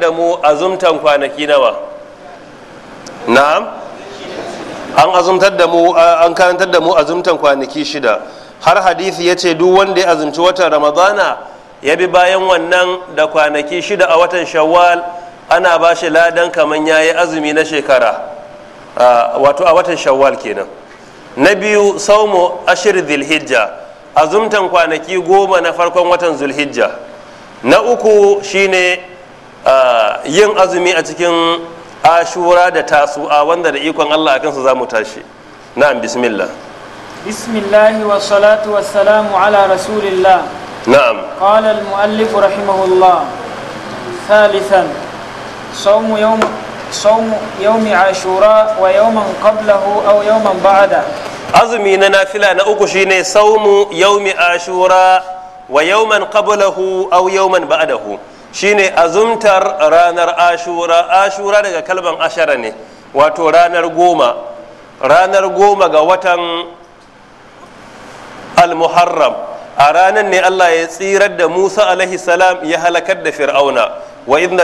da mu azumtan kwanaki nawa na'am an azumtar da mu an karantar da mu azumtan kwanaki shida har hadisi ya ce duk wanda ya azumci watan ramadana ya bi bayan wannan da kwanaki shida a watan shawwal ana ba shi ladan kaman ya yi azumi na shekara wato a watan shawwal kenan na biyu saumu ashir zilhijja azumtan kwanaki goma na farkon watan zulhijja na uku shine Ah, yin azumi a cikin ashura da tasu'a wanda da ikon Allah a kansa za mu tashi na'am bismillah bismillah wa salatu wa salamu ala rasulillah na'am qala al muallif rahimahullah thalithan sawmu yawm sawmu yawmi ashura wa yawman qablahu aw yawman ba'da azumi na nafila na uku shine sawmu yawmi ashura wa yawman qablahu aw yawman ba'dahu shine azumtar ranar ashura ashura daga kalban ashara ne wato ranar goma ranar goma ga watan al-muharram a ranar ne allah ya tsirar da musa alaihi salam ya halakar da fir'auna wa idh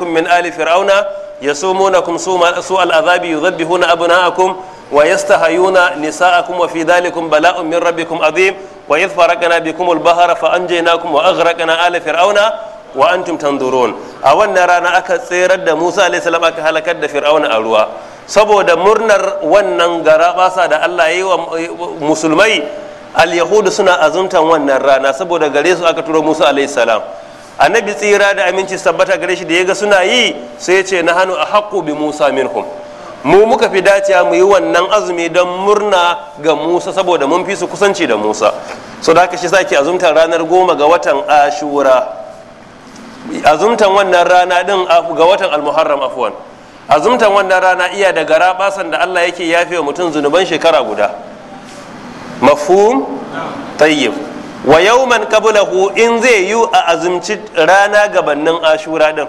kun min ali fir'auna yasumunakum su al-azabi na abna'akum wa yastahayuna nisa'akum wa fi dhalikum bala'un min rabbikum azim wa idh faraqna bikum al-bahra fa anjaynakum wa aghraqna ala fir'auna wa antum tanzurun a wannan rana aka tserar da Musa alayhi salam aka halakar da Fir'auna a ruwa saboda murnar wannan sa da Allah ya yi wa musulmai al-yahudu suna azumtan wannan rana saboda gare su aka turo Musa alayhi salam annabi tsira da aminci tabbata gare shi da yaga suna yi sai ya ce na hannu a haqqu bi Musa minhum mu muka fi dacewa mu yi wannan azumi don murna ga Musa saboda mun fi su kusanci da Musa so da haka shi sake azumtar ranar goma ga watan Ashura azumtan wannan rana din ah, ga watan almuharram afwan azumtan wannan rana iya da gara basan da Allah yake yafe wa mutum zunuban shekara guda mafhum tayyib wa yawman qablahu in zai yi a azumci rana gabannin ashura din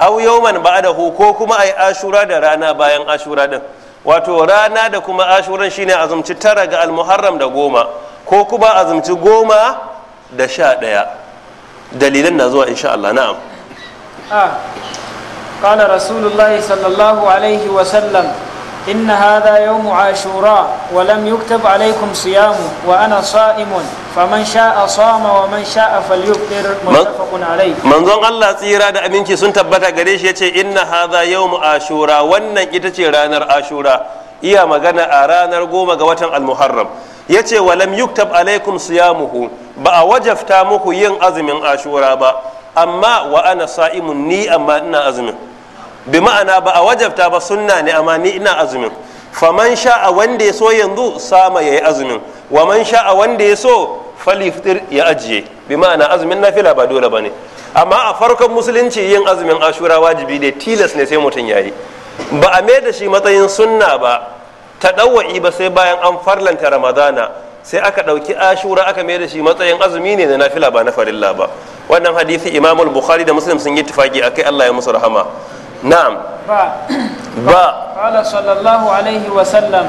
aw yawman ba'dahu ko kuma ai ashura da rana bayan ashura din wato rana da kuma ashuran shine azumci tara ga almuharram da goma ko kuma azumci goma da sha ɗaya dalilan na zuwa insha Allah na'am قال رسول الله صلى الله عليه وسلم إن هذا يوم عاشوراء ولم يكتب عليكم صيامه وأنا صائم فمن شاء صام ومن شاء فليفطر متفق عليه من ظن الله tsira da aminci sun tabbata gare shi yace inna hadha yawm ashura wannan ita ce ranar ashura iya magana a ranar goma ga watan al ya ce walam yuktab alaikum siyamuhu ba a wajafta muku yin azumin ashura ba amma wa ana sa'imun ni amma ina azumin bi ma'ana ba a wajafta ba sunna ne amma ni ina azumin faman a wanda ya so yanzu sama ya yi azumin wa man sha'a wanda ya so faliftir ya ajiye bi ma'ana azumin nafila ba dole ba ne amma a farkon musulunci yin azumin ashura wajibi ne tilas ne sai mutum ya yi ba a mai da shi matsayin sunna ba taɗawa'i ba sai bayan an farlanta ramadana sai aka ɗauki ashura aka mai da shi matsayin azumi ne na nafila ba na farilla ba wannan hadisi imamul bukhari da muslim sun yi tufaki akai allah ya musu rahama na'am ba ba qala sallallahu alaihi wa sallam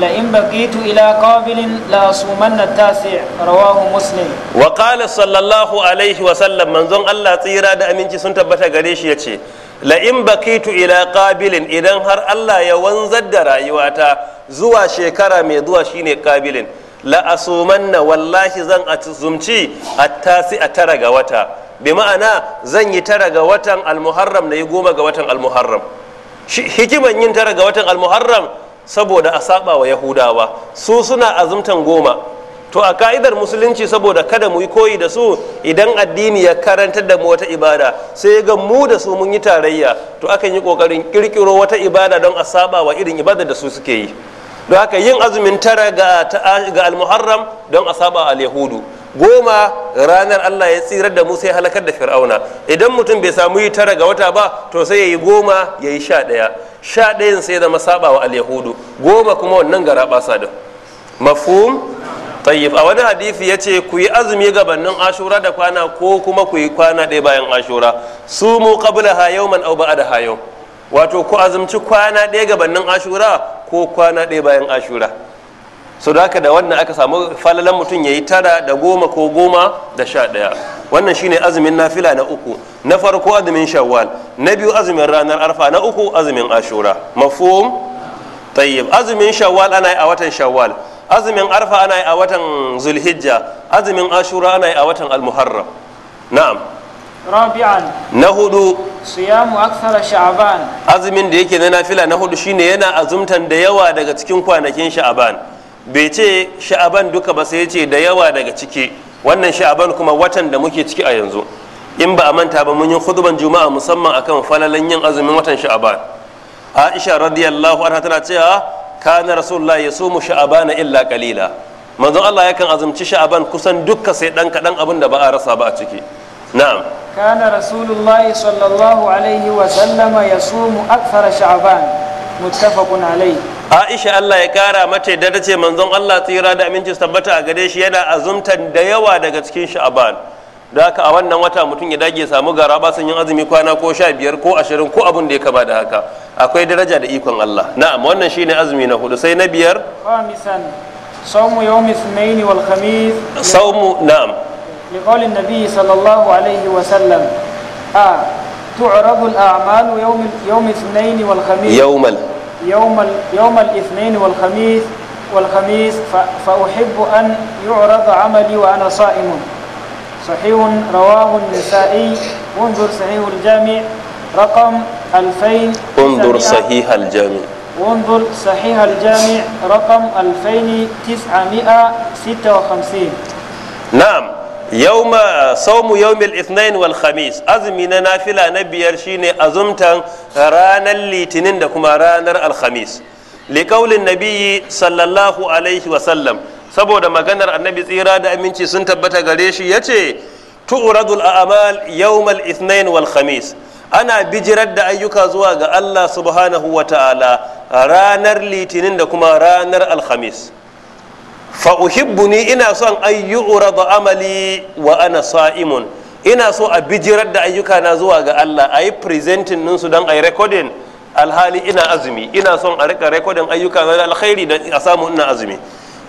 لئن بقيت إلى قابل لأصومن التاسع رواه مسلم وقال صلى الله عليه وسلم من ظن الله تيرا دا أمين سنتبت غريش يتشي la'in bakitu ila qabilin idan har Allah ya wanzar da rayuwata zuwa shekara mai zuwa shine qabilin la asumanna wallahi zan azumci attasi a tara ga wata bi ma'ana zan yi tara ga watan almuharram na yi goma ga watan almuharram hikiman yin tara ga watan almuharram saboda a saba wa yahudawa su suna azumtan goma to a ka'idar musulunci saboda kada mu yi koyi da su idan addini ya karantar da mu wata ibada sai ga mu da su mun yi tarayya to akan yi kokarin kirkiro wata ibada don a saba wa irin ibada da su suke yi don haka yin azumin tara ga, ga almuharram don a saba al yahudu goma ranar Allah ya tsirar da mu sai halakar da fir'auna idan mutum bai samu yi tara ga wata ba to sai ya yi goma ya yi sha ɗaya sha ɗayan sai zama saba wa al yahudu goma kuma wannan gara sa da mafhum tayyib a wani hadisi ya ce ku yi azumi gabanin ashura da kwana ko kuma ku yi kwana ɗaya bayan ashura su mu qabla ha yawman aw ba'da ha wato ku azumci kwana ɗaya gabanin ashura ko kwana ɗaya bayan ashura so da haka da wannan aka samu falalan mutum ya yi tara da goma ko goma da sha ɗaya wannan shine azumin nafila na uku na farko azumin shawwal na biyu azumin ranar arfa na uku azumin ashura mafhum tayyib azumin shawwal ana yi a watan shawwal azumin arfa ana yi a watan zulhijja azumin ashura ana yi a watan almuharram na'am rabi'an na hudu siyamu akthara sha'ban azumin da yake na nafila na hudu shine yana azumtan da yawa daga cikin kwanakin sha'ban bai ce sha'ban duka ba sai ya ce da yawa daga ciki wannan sha'ban kuma watan da muke ciki a yanzu in ba a manta ba mun yi khutban juma'a musamman akan falalan yin azumin watan sha'ban aisha radiyallahu anha tana cewa kana rasulullah ya sumu sha'abana illa kalila, manzo Allah yakan azumci sha'aban kusan dukka sai dan kadan abin da ba a rasa ba a ciki na'am kana rasulullah sallallahu alaihi wa sallama yasumu akthara sha'aban muttafaqun alaihi Aisha Allah ya kara mata da tace manzon Allah tsira da aminci tabbata a gare shi yana azumtan da yawa daga cikin sha'aban da haka a wannan wata mutum ya dage samu gara ba sun yin azumi kwana ko sha biyar ko ashirin ko abin da ya kama da haka akwai daraja da ikon Allah na'am wannan shine azumi na hudu sai na biyar صوم يوم الاثنين والخميس صوم نعم لقول النبي صلى الله عليه وسلم آه تعرض الأعمال يوم يوم الاثنين والخميس يوم ال يوم ال يوم الاثنين والخميس والخميس فأحب أن يعرض عملي وأنا صائم صحيح رواه النسائي وانظر صحيح الجامع رقم 2000 انظر صحيح الجامع وانظر صحيح الجامع رقم 2956 نعم يوم صوم يوم الاثنين والخميس أزمنا نافلة نبيار شيني أزمتا رانا الليتنين دكما رانا الخميس لقول النبي صلى الله عليه وسلم saboda maganar annabi tsira da aminci sun tabbata gare shi ya ce tu'radul a'mal yawmal ithnain wal khamis ana bijirar da ayyuka zuwa ga Allah subhanahu wa ta'ala ranar litinin da kuma ranar alhamis fa uhibbuni ina son ayyurada amali wa ana sa'imun ina so a bijirar da ayyuka na zuwa ga Allah ayi presenting ninsu don ayi recording alhali ina azumi ina son a rika recording ayyuka na alkhairi a samu ina azumi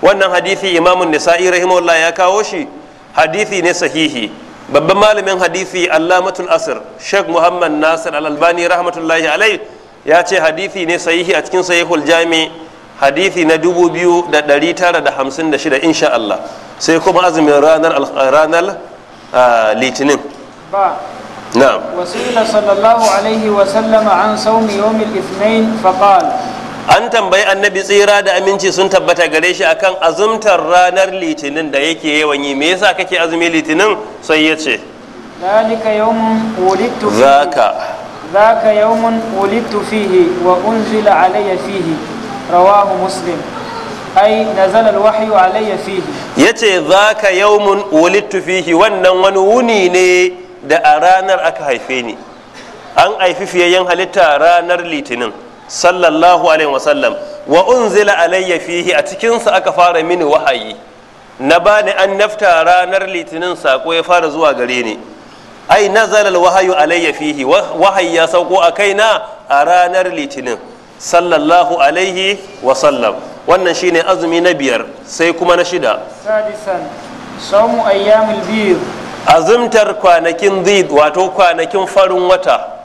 wannan hadithi imamun nisa'i rahimahullah ya kawo shi hadithi ne sahihi babban malamin hadithi allamatul asir sheikh muhammad nasir al-albani rahmatullahi alai ya ce hadithi ne sahihi a cikin sahihul jami hadithi na 2956 insha Allah sai kuma azumin ranar ranar litinin نعم وسئل صلى الله عليه وسلم عن صوم يوم الاثنين فقال an tambayi annabi tsira da aminci sun tabbata gare shi akan azumtar ranar litinin da yake yawan yi me yasa kake azumi litinin sai ya ce zalika yawmun wulidtu zaka zaka yawmun wulidtu fihi wa unzila alayya fihi rawahu muslim ai nazala alwahyu alayya fihi yace zaka yawmun wulidtu fihi wannan wani wuni ne da a ranar aka haife ni an haifi fiyayyen halitta ranar litinin sallallahu alaihi wasallam wa unzila alayya fihi a cikinsa aka fara mini wahayi na bani an nafta ranar litinin sako ya fara zuwa gare ni ai nazala alwahayu alayya fihi wahayi ya sauko a kaina a ranar litinin sallallahu alaihi wasallam wannan shine azumi na biyar sai kuma na shida sadisan saumu ayyamul bid azumtar kwanakin zid wato kwanakin farin wata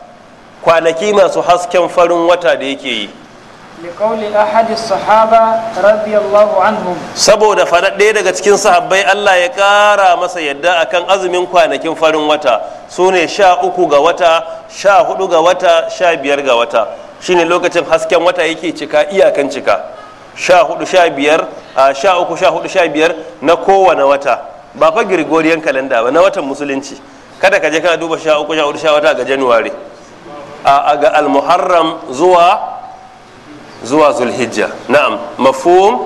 kwanaki masu hasken farin wata da yake yi liƙauli ahadi sahaba radiyallahu saboda faɗaɗɗe daga cikin sahabbai Allah ya ƙara masa yadda akan azumin kwanakin farin wata su ne sha uku ga wata sha hudu ga wata sha biyar ga wata shine lokacin hasken wata yake cika iyakan cika sha hudu sha biyar a sha uku sha hudu sha biyar na kowane wata ba fa Gregorian kalanda ba na watan musulunci kada ka je kana duba sha uku sha hudu sha wata ga Januwari. ga al-muharram zuwa zuwa zulhijja na'am mafhum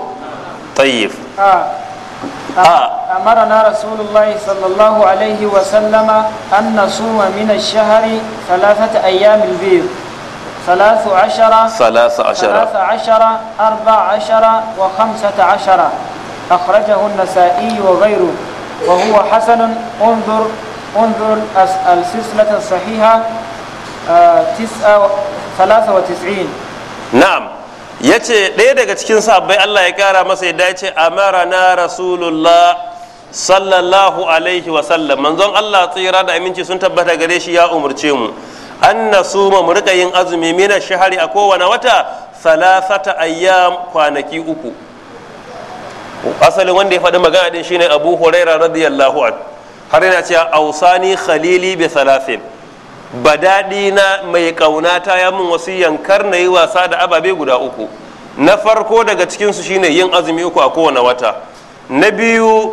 آه. أمرنا رسول الله صلى الله عليه وسلم أن نصوم من الشهر ثلاثة أيام البيض ثلاث عشرة ثلاث عشرة ثلاث عشرة أربع عشرة وخمسة عشرة أخرجه النسائي وغيره وهو حسن انظر انظر السلسلة الصحيحة na'am ya ce ɗaya daga cikin sabbai Allah ya kara masa ya dace mara na rasulullah sallallahu alaihi wasallam manzon Allah tsira da aminci sun tabbata gare shi ya umarce mu an na suma mu rika yin azumi mina shahari a kowane wata salasata ayyam kwanaki uku asalin wanda ya faɗi magana din shine abu huraira radiyallahu an har yana cewa ausani khalili bi salasin badadi na mai kaunata ya mun wasiyan kar na yi wasa da ababe guda uku na farko daga cikinsu shine yin azumi uku a kowane wata na biyu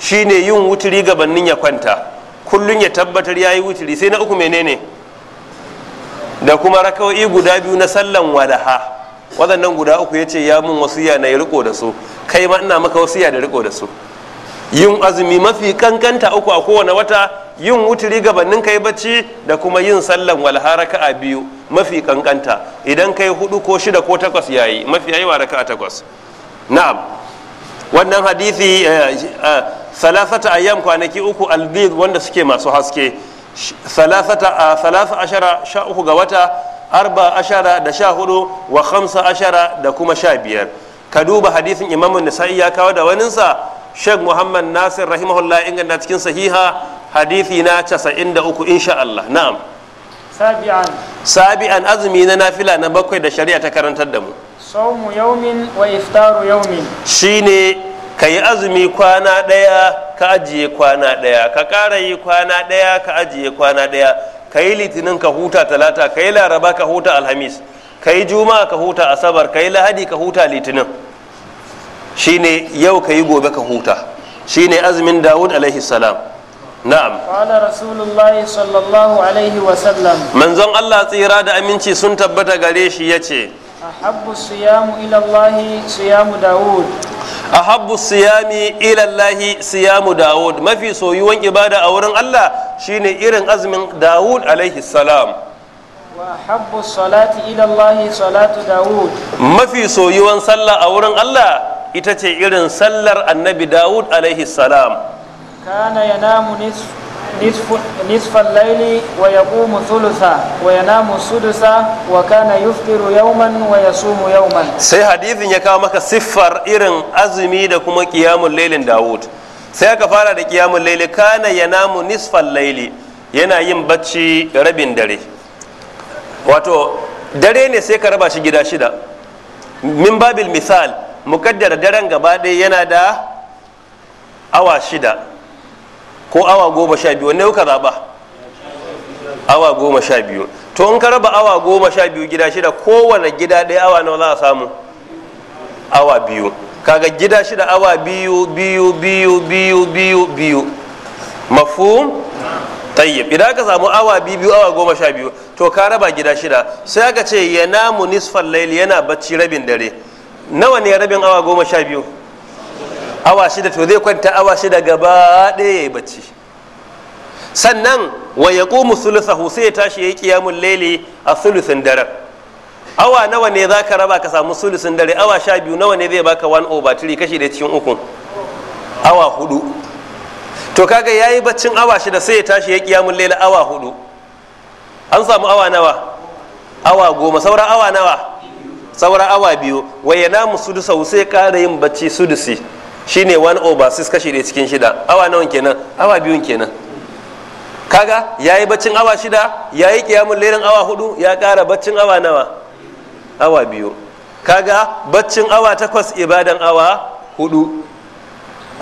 shine yin wuturi gabanin ya kwanta kullum ya tabbatar ya yi wuturi sai na uku menene da kuma rakawai guda biyu na sallan wadaha waɗannan guda uku ya ce ya mun wasiya na ya riko da su kai ma ina maka wasiya da riko da su yin azumi mafi kankanta uku a kowane wata yin wuturi gabanin kai bacci da kuma yin sallan walharaka a biyu mafi kankanta idan kai hudu ko shida ko takwas yayi mafi yayi raka a takwas na'am wannan hadisi eh, eh, salasata ayyam kwanaki uku albid wanda suke masu haske salasata ah, salasa ashara sha uku ga wata arba ashara da sha hudu wa hamsa ashara da kuma sha biyar ka duba hadisin imamun nisa'i ya kawo da waninsa sheikh muhammad nasir rahimahullah inganta cikin sahiha hadithi na 93 insha Allah na'am sabi'an sabi'an azumi na nafila na bakwai da shari'a ta karantar da mu saumu yaumin wa iftaru yaumin shine ka yi azumi kwana ɗaya ka ajiye kwana ɗaya ka ƙara yi kwana ɗaya ka ajiye kwana ɗaya ka yi litinin ka huta talata ka yi laraba ka huta alhamis ka yi juma'a ka huta asabar ka yi lahadi ka huta litinin shine yau ka yi gobe ka huta shine azumin dawud alaihi salam na'am qala rasulullahi sallallahu alaihi wa sallam manzon Allah tsira da aminci sun tabbata gare shi yace ahabbu siyamu ila Allah siyamu dawud ahabbu siyami ila Allah siyamu dawud mafi soyuwan ibada a wurin Allah shine irin azumin dawud alaihi salam وأحب الصلاة إلى الله Salatu Dawud. Mafi soyuwan sallah a wurin Allah. ita ce irin sallar annabi dawud alaihi salam kana namu nisfan laili wa yaqumu thulutha wa ya namu sudusa wa kana yuftiru man wa ya yau man. sai hadithin ya kawo maka siffar irin azumi da kuma kiyamun lailin dawud sai aka fara da kiyamun laili kana namu nisfan laili yana yin bacci rabin dare wato dare ne sai ka raba shi gida shida min babil misal mukaddara daren gaba ɗaya yana da awa shida ko awa goma sha biyu wanne ka zaɓa? awa goma sha biyu to in ka raba awa goma sha biyu gida shida kowane gida ɗaya awa nawa za a samu awa biyu kaga gida shida awa biyu biyu biyu biyu biyu biyu Mafu? tayyib idan ka samu awa biyu biyu awa goma sha biyu to ka raba gida shida sai aka ce ya namu nisfan laili yana bacci rabin dare nawa ne rabin awa goma sha biyu awa shida to zai kwanta awa shida gaba ɗaya ya yi bacci sannan wa ya ƙumu sulusahu sai ya tashi ya yi ƙiyamun laili a sulusin dare awa nawa ne za ka raba ka samu sulusin dare awa sha biyu nawa ne zai baka wani over 3 kashi da cikin ukun awa hudu to kaga ya yi baccin awa shida sai ya tashi ya yi ƙiyamun laili awa hudu an samu awa nawa awa goma sauran awa nawa sauran awa biyu waya namu sudusa sai kara yin bacci sudusi shine 1 over 6 kashi da cikin shida awa nawa kenan awa biyu kenan kaga yayi baccin awa shida yayi kiyamun lerin awa hudu ya kara baccin awa nawa awa biyu kaga baccin awa takwas ibadan awa hudu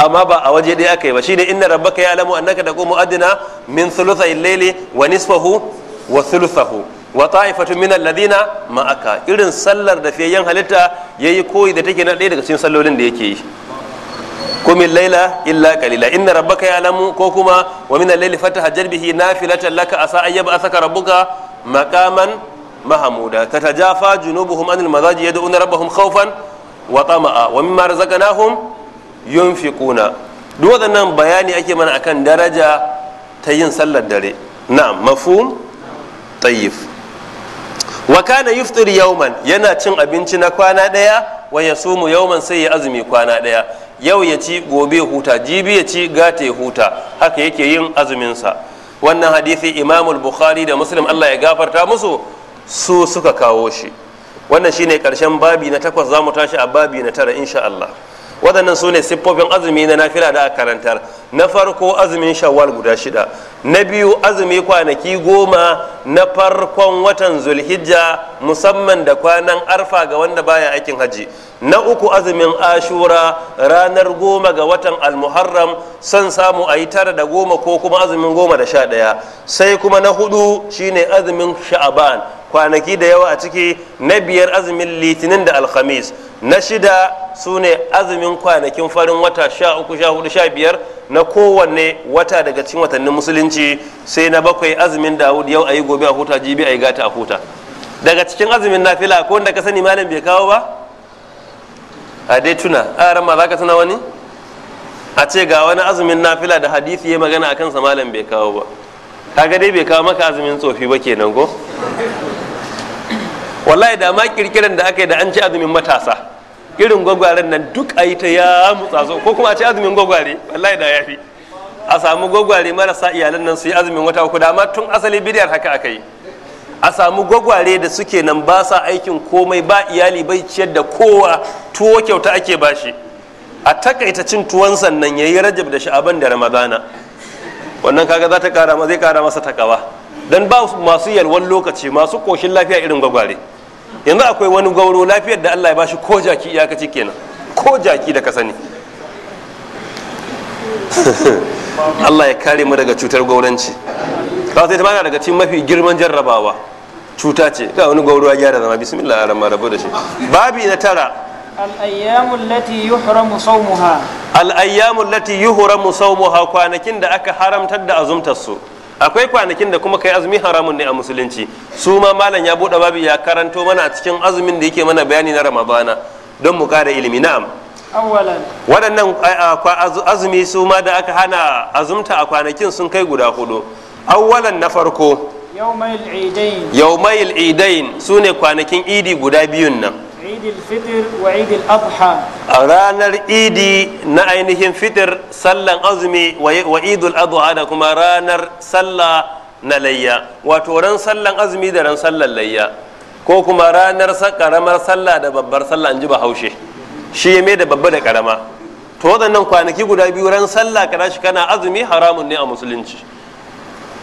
amma ba a waje ɗaya aka yi ba shine inna rabbaka ya alamu annaka taqumu adna min thuluthayil layli wa nisfahu wa thuluthahu wa ta'ifatu min alladhina ma'aka irin sallar da fiyayyen halitta yayi koyi da take na ɗaya daga cikin sallolin da yake yi kumin laila illa qalila inna rabbaka ya'lamu ko kuma wa min al-layli fatahajjal bihi nafilatan laka asa ayyaba asaka rabbuka maqaman mahmuda tatajafa junubuhum anil madaji yad'una rabbahum khawfan wa tama'a wa mimma razaqnahum yunfiquna duk waɗannan bayani ake mana akan daraja ta yin sallar dare na mafhum tayyib wa kana yuftir yawman yana cin abinci na kwana daya wa yasumu yauman sai ya azumi kwana daya yau ya ci gobe huta jibi ya ci gata ya huta haka yake yin azuminsa wannan hadisi Imam bukhari da Muslim Allah ya gafarta musu su suka kawo shi wannan shine karshen babi na takwas zamu tashi a babi na tara insha Allah waɗannan sune siffofin azumi na nafila da karantar na farko azumin shawwal guda shida na biyu azumi kwanaki goma na farkon watan zulhijja musamman da kwanan arfa ga wanda baya aikin haji na uku azumin ashura ranar goma ga watan almuharram son samu a yi tara da goma ko kuma azumin goma da sha ɗaya sai kuma na hudu shine azumin sha'aban kwanaki da yawa a ciki na biyar azumin litinin da alhamis na shida su ne azumin kwanakin farin wata sha uku sha hudu sha biyar na kowanne wata daga cikin watannin musulunci sai na bakwai azumin dawud yau ayi gobe a huta jibi ayi gata a huta daga cikin azumin nafila ko wanda ka sani malam bai kawo ba a dai tuna a rama za ka tuna wani a ce ga wani azumin nafila da hadisi ya magana a kansa malam bai kawo ba kaga dai bai kawo maka azumin tsofi ba kenan ko wallahi da ma kirkiran da aka yi da an ci azumin matasa irin gwagwaren nan duk a yi ta ya mutsa ko kuma a ce azumin gwagware wallahi da ya fi a samu gwagware marasa iyalan nan su yi azumin wata uku da tun asali bidiyar haka aka yi a samu gwagware da suke nan ba sa aikin komai ba iyali bai ciyar da kowa tuwo kyauta ake bashi a takaita cin tuwon sannan ya yi rajab da sha'aban da ramadana wannan kaga za ta kara zai kara masa takawa dan ba masu yalwan lokaci masu koshin lafiya irin gwagware yanzu akwai wani gauro lafiyar da Allah ya bashi ko jaki iyakaci kenan ko jaki da ka sani Allah ya kare mu daga cutar gauranci ba sai ta daga cikin mafi girman jarrabawa cuta ce ga wani gauro ya gyara zama bismillah arama rabu da shi babi na tara al-ayyamu allati yuhramu sawmuha al-ayyamu allati yuhramu sawmuha kwanakin da aka haramtar da azumtar su akwai kwanakin da kuma kai azumi haramun ne a musulunci su ma malam ya buɗe babu ya karanto mana a cikin azumin da yake mana bayani na ramadana don mu kara ilimi na'am waɗannan azumi su ma da aka hana azumta a kwanakin sun kai guda hudu awwalan na farko yaumayil idain su ne kwanakin idi guda biyun nan a ranar idi na ainihin fitir sallan azumi wa idul adha da kuma ranar sallah na layya wato ran sallan azumi da ran sallan layya ko kuma ranar karamar sallah da babbar sallah an ji bahaushe shi ya da babba da karama to waɗannan kwanaki guda biyu ran sallah kana shi kana azumi haramun ne a musulunci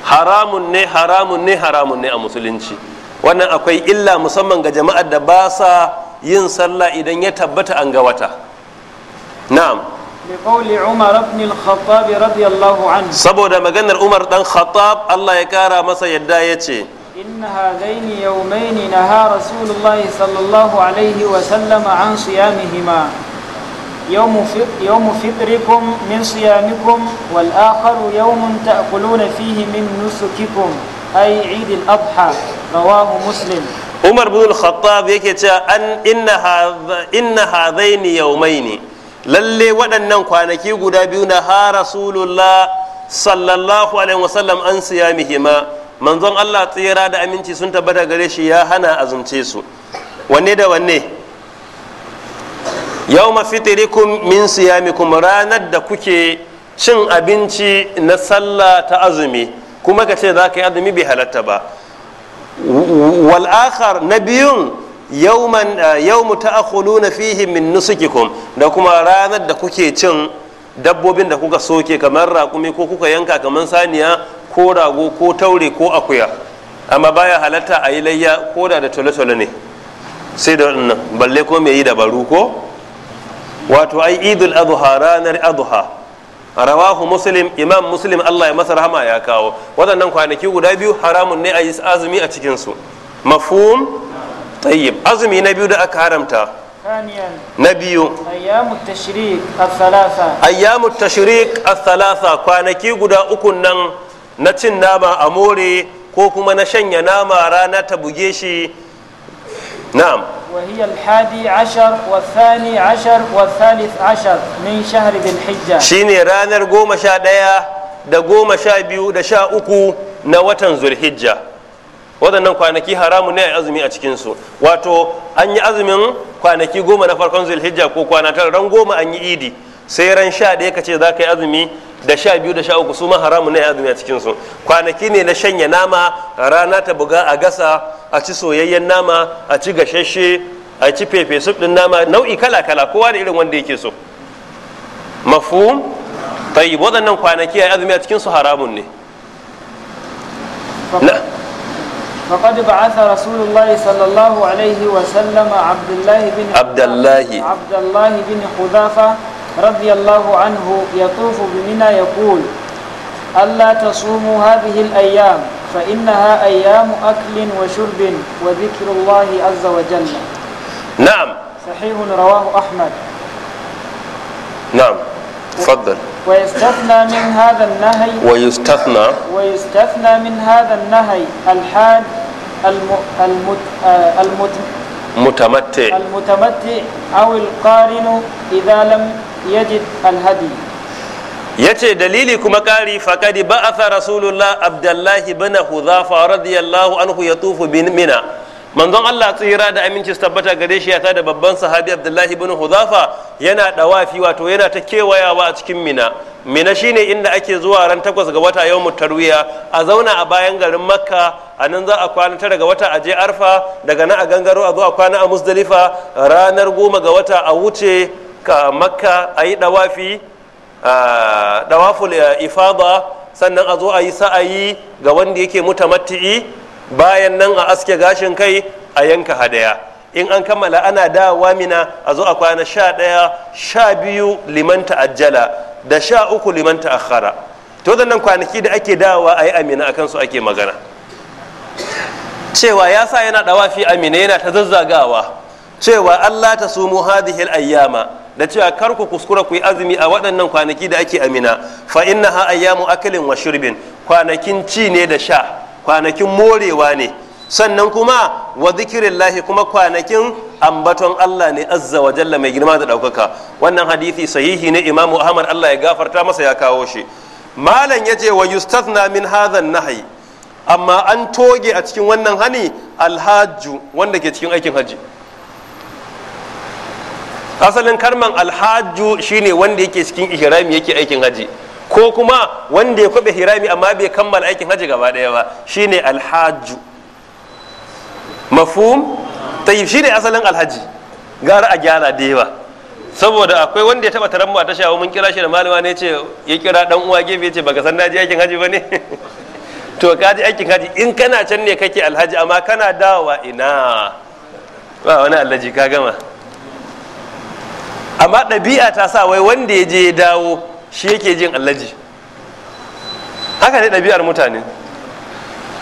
haramun ne haramun ne haramun ne a musulunci wannan akwai illa musamman ga jama'ar da ba sa yin sallah idan ya tabbata an ga wata na'am liqawli umar ibn al saboda maganar umar dan khattab Allah ya kara masa yadda ya ce هذين يومين نهى رسول الله صلى الله عليه وسلم عن صيامهما يوم يوم فطركم من صيامكم والآخر يوم تأكلون فيه من نسككم أي عيد الأضحى رواه مسلم umar bin al-khattab yake cewa an inna hadaini yawmaini lalle waɗannan kwanaki guda biyu na ha rasulullah sallallahu alaihi wasallam an siyamihima manzon Allah tsira da aminci sun tabbata gare shi ya hana azumce su wanne da wanne yawma fitrikum min siyamikum ranar da kuke cin abinci na sallah ta azumi kuma ka ce za ka yi azumi bai halatta ba wal'akhar na biyun yawman eh, yawmu ta'khuluna fihi min nusukikum da kuma ranar da kuke cin dabbobin da kuka soke kamar raƙumi ko kuka yanka kamar saniya ko rago ko taure ko akuya amma baya halatta a yi layya ko da da tole-tole ne sai da wannan balle ko mai yi dabaru ko wato ai idul adha ranar adha rawahu muslim imam muslim Allah ya masa rahama ya kawo waɗannan kwanaki guda biyu haramun ne a yi azumi a cikin su mafhum tayyib azumi na biyu da aka haramta na biyu ayyamu tashriq as kwanaki guda uku nan na cin nama a more ko kuma na shanya nama rana ta buge shi نعم وهي الحادي عشر والثاني عشر والثالث عشر من شهر ذي الحجة شيني رانر قوم شا ديا da goma sha biyu da sha uku na watan zulhijja waɗannan kwanaki haramu ne a azumi a cikinsu wato an yi azumin kwanaki goma na farkon zulhijja ko kwana tara ran goma an yi idi sai ran sha ɗaya ka ce za ka yi azumi da sha biyu da sha uku su ma haramun ne azumi a cikinsu kwanaki ne na shanya nama rana ta buga a gasa a ci soyayyen nama a ci gashashe a ci fefe su ɗin nama nau'i kala kala kowa da irin wanda yake so mafhum tayyib waɗannan kwanaki a azumi a cikinsu haramun ne فقد بعث رسول الله صلى الله عليه وسلم عبد الله بن عبد الله عبد الله بن حذافه رضي الله عنه يطوف بمنى يقول ألا تصوموا هذه الأيام فإنها أيام أكل وشرب وذكر الله عز وجل نعم صحيح رواه أحمد نعم تفضل ويستثنى من هذا النهي ويستثنى ويستثنى من هذا النهي الحاد المت آه، المت المتمتع أو القارن إذا لم yajid alhadi ya ce dalili kuma ƙari faƙadi ba a sa rasulullah abdullahi bin huzafa radiyallahu anhu ya tufu bin mina manzon Allah tsira da aminci su tabbata gare shi ya da babban sahabi abdullahi bin huzafa yana dawafi wato yana ta kewayawa a cikin mina mina shine inda ake zuwa ran takwas ga wata yau tarwiya a zauna a bayan garin makka a nan za a kwana tara ga wata a je arfa daga nan a gangaro a zo a kwana a musdalifa ranar goma ga wata a wuce makka a yi dawafi dawaful eh, ifada sannan a zo a yi sa'ayi ga wanda yake muta matti'i bayan nan a aske gashin kai a yanka hadaya in an kammala ana dawa mina a zo a kwana sha ɗaya sha biyu liman ta'ajjala da sha uku liman ta'akhara to nan kwanaki da ake dawa a yi amina akan su ake magana cewa ya sa yana dawafi amina yana ta zazzagawa cewa allah ta sumu hadihil ayyama da cewa kar ku kuskura ku yi azumi a waɗannan kwanaki da ake amina fa ha ayyamu akalin wa shurbin kwanakin ci ne da sha kwanakin morewa ne sannan kuma wa zikirillahi kuma kwanakin ambaton Allah ne azza wa jalla mai girma da ɗaukaka wannan hadisi sahihi ne imam muhammad Allah ya gafarta masa ya kawo shi malam yace wa yustathna min hadhan nahyi amma an toge a cikin wannan hani alhajju wanda ke cikin aikin haji asalin karman alhaju shine wanda yake cikin ihrami yake aikin haji ko kuma wanda ya kwabe hirami amma bai kammala aikin haji gaba daya ba shine alhaju mafhum tayyib shine asalin alhaji gara a gyara da yawa saboda akwai wanda ya taba taron mu a tasha mun kira shi da malama ne yace ya kira dan uwa gefe ce baka san naji aikin haji bane to ka aikin haji in kana can ne kake alhaji amma kana dawowa ina ba wani alhaji ka gama amma ɗabi'a ta sa wai wanda ya je ya dawo shi yake jin allaji haka ne ɗabi'ar mutane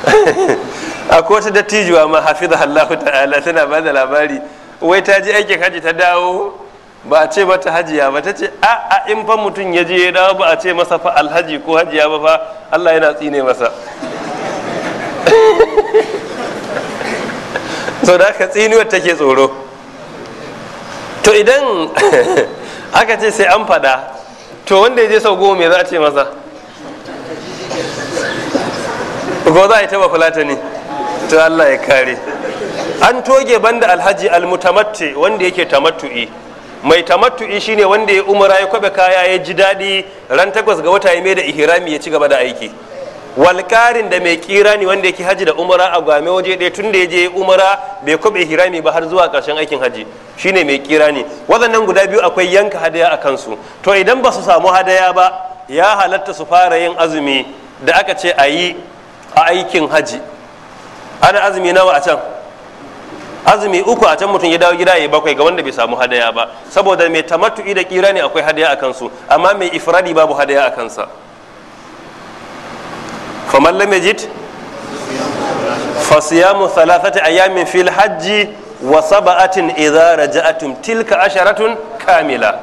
akwai wata dattijuwa ma hafiza Allahu ta'ala tana ba da labari wai ta je aikin haji ta dawo ba a ce mata hajiya ba ta ce a a in fa mutum ya je ya dawo ba a ce masa fa alhaji ko hajiya ba fa Allah yana tsine masa sau da aka tsinuwar take tsoro to idan aka ce sai an fada to wanda ya je sau goma za a ce masa ko za a yi taba fulata ne to Allah ya kare an toge banda alhaji almutamatti wanda yake tamattu'i mai tamattu'i shine wanda ya umara ya kwabe kaya ya ji daɗi ran takwas ga wata ya mai da Ihirami ya ci gaba da aiki walƙarin da mai kira ne wanda yake haji da umara a game waje ɗaya tun da ya je umara bai kwabe hirami ba har zuwa ƙarshen aikin haji shine mai kira ne waɗannan guda biyu akwai yanka hadaya a kansu to idan ba su samu hadaya ba ya halatta su fara yin azumi da aka ce a yi a aikin haji ana azumi nawa a can azumi uku a can mutum ya dawo gida ya bakwai ga wanda bai samu hadaya ba saboda mai tamatu'i da kira ne akwai hadaya a kansu amma mai ifradi babu hadaya a kansa faman lam yajid fasiyamu thalathati ayamin fil hajji wa saba'atin idza raja'atum tilka asharatun kamila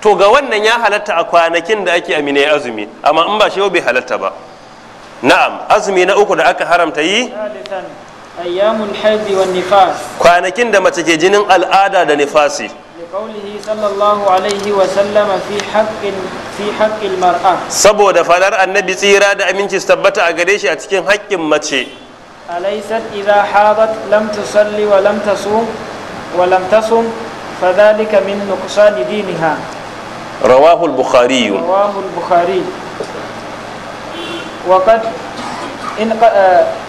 to ga wannan ya halatta a kwanakin da ake amina azumi amma in ba shi bai halatta ba na'am azumi na uku da aka haramta yi ayyamul haidi wan nifas kwanakin da mace ke jinin al'ada da nifasi وقوله صلى الله عليه وسلم saboda fadar annabi tsira da aminci tabbata a gare shi a cikin haƙƙin mace alaisat idha hadat lam tusalli wa lam tasum wa lam tasum fadhalika min nuqsan diniha rawahu al-bukhari rawahu al-bukhari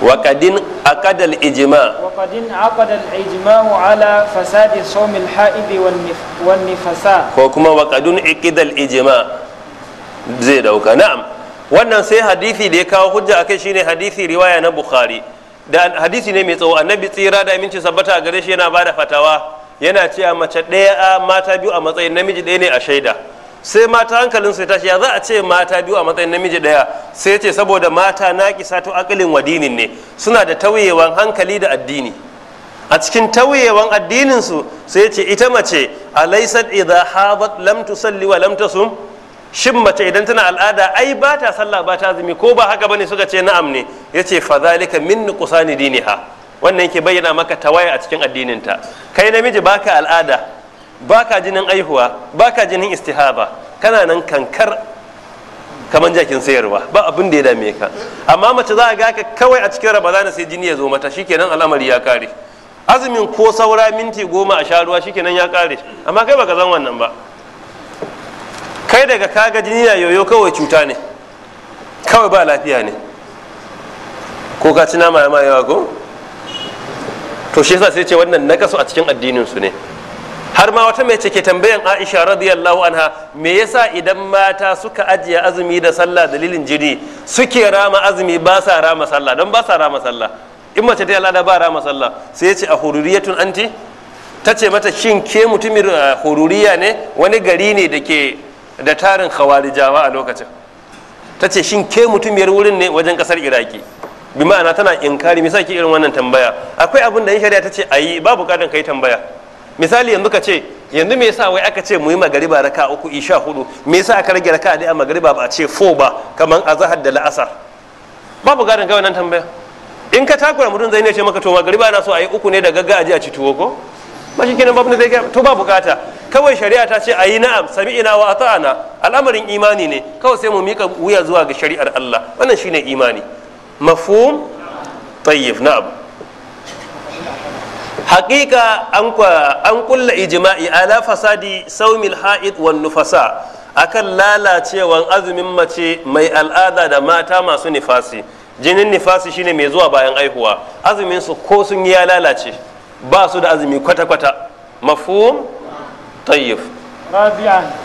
وقد عقد الاجماع وقد عقد الاجماع على فساد صوم الحائض والنفاس وكما وقد عقد الاجماع زي دوكا نعم wannan sai hadisi da ya kawo hujja akai shine hadisi riwaya na bukhari da hadisi ne mai tsawo annabi tsira da aminci sabbata a gare shi yana bada fatawa yana cewa mace ɗaya mata biyu a matsayin namiji ɗaya ne a shaida sai mata hankalinsu ya tashi ya za a ce mata biyu a matsayin namiji daya sai ce saboda mata na kisatu akalin wa ne suna da tauyewan hankali da addini a cikin tauyewan addininsu sai ce ita mace alaysat idha hadat lamtu tusalli wa lamta sun shin mace idan tana al'ada ai ba ta sallah ba ta azumi ko ba haka bane suka ce na'am ne yace fa zalika min dini ha wannan yake bayyana maka tawaye a cikin addininta kai namiji baka al'ada baka jinin aihuwa baka jinin istihaba kana nan kankar kaman jakin sayarwa ba abin da ya dame ka amma mace za a ga ka kawai a cikin ramadana sai jini ya zo mata shikenan al'amari ya kare azumin ko saura minti goma a sharuwa ruwa shikenan ya kare amma kai baka zan wannan ba kai daga kaga jini na yoyo kawai cuta ne kawai ba lafiya ne ko ka ci nama yawa ko to shi yasa sai ce wannan nakasu a cikin addinin su ne har ma wata mai ke tambayan aisha radiyallahu anha me yasa idan mata suka ajiye azumi da sallah dalilin jiri suke rama azumi ba sa rama sallah don ba sa rama sallah in mace ta al'ada ba rama sallah sai ya ce a hururiyatun anti ta ce mata shin ke mutumin eh, hururiya ne wani gari ne da ke da tarin khawarijawa a lokacin ta ce shin ke mutumiyar wurin ne wajen kasar iraki bi ma'ana tana inkari misa irin wannan tambaya akwai abin da ya shari'a ta ce ayi ba bukatan kai tambaya misali yanzu ka ce yanzu me yasa wai aka ce mu yi magariba raka uku isha hudu me yasa aka rage raka dai a magariba ba a ce fo ba kamar azahar da la'asar babu gadon kawai nan tambaya in ka takura mutum zai ne ce maka to magariba na so a yi uku ne da gagga a ji a ci tuwo ko ba shi kenan babu ne zai to ba bukata kawai shari'a ta ce a yi na'am sami'ina wa ata'ana al'amarin imani ne kawai sai mu mika wuya zuwa ga shari'ar Allah wannan shine imani mafhum tayyib na'am haƙiƙa an kulla ijima'i ala fasadi saumil ha'id wan nufasa akan lalacewan azumin mace mai al'ada da mata masu nifasi jinin nifasi shine mai zuwa bayan aihuwa azumin su ko sun yi ya lalace ba su da azumi kwata-kwata mafhum tayyib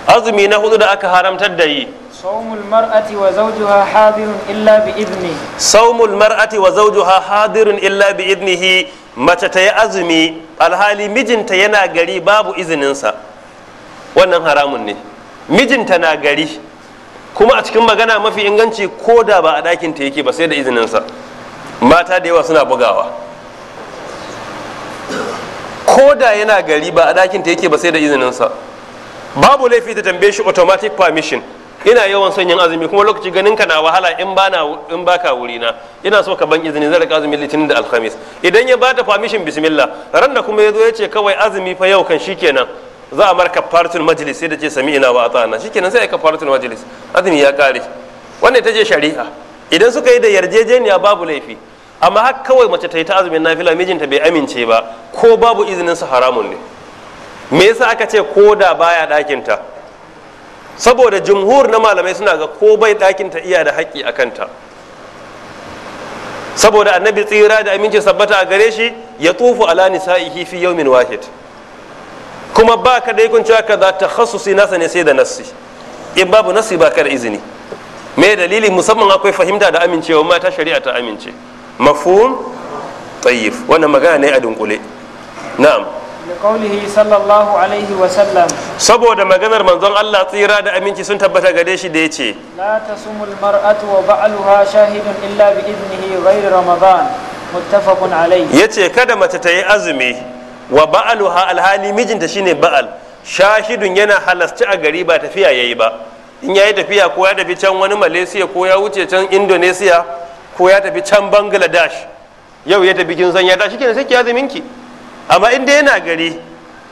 azumi na hudu da aka haramtar da yi saumul mar'ati wa zawjuha hadirun illa bi idni saumul mar'ati wa zawjuha hadirun illa bi idnihi mace ta yi azumi alhali mijinta yana gari babu izininsa wannan haramun ne mijinta na gari kuma a cikin magana mafi inganci ko da ba a ɗakin ta yake ba sai da izininsa mata da yawa suna bugawa ko da yana gari ba a ɗakin ta yake ba sai da izininsa babu laifi ta tambaye shi automatic permission ina yawan son yin azumi kuma lokaci ganin ka na wahala in ba na in baka wuri na ina so ka ban izini zan rika azumi litinin da alhamis idan ya bata permission bismillah ran da kuma yazo yace kawai azumi fa yau kan shikenan za a marka partin majlis sai da ce sami'ina wa ata'ana shikenan sai ka partin majlis azumi ya kare wannan ta je shari'a idan suka yi da yarjejeniya babu laifi amma haka kawai mace ta yi ta azumin nafila mijinta bai amince ba ko babu izinin su haramun ne me yasa aka ce ko da baya ta saboda jumhur na malamai suna ga ko bai ɗakin ta iya da haƙƙi a kanta saboda annabi tsira da aminci sabbata a gare shi ya tufu ala nisa'ihi fi yawmin wahid kuma ba ka da yakun cewa kaza takhassusi nasa ne sai da nassi in babu nassi ba ka da izini me dalili musamman akwai fahimta da amincewa mata shari'a ta amince mafhum tayyib wannan magana ne a dunkule na'am saboda maganar manzon Allah tsira da aminci sun tabbata gare shi da yace la ya ce wa yace kada mace ta yi azumi wa ha alhali mijinta shine ba'al shahidun yana halasci a gari ba tafiya ya yi ba in ya yi tafiya ko ya tafi can wani Malaysia ko ya wuce can Indonesia ko ya tafi can Bangladesh yau ya tafi kin san ya tashi kenan sai ki azumin ki amma inda yana gari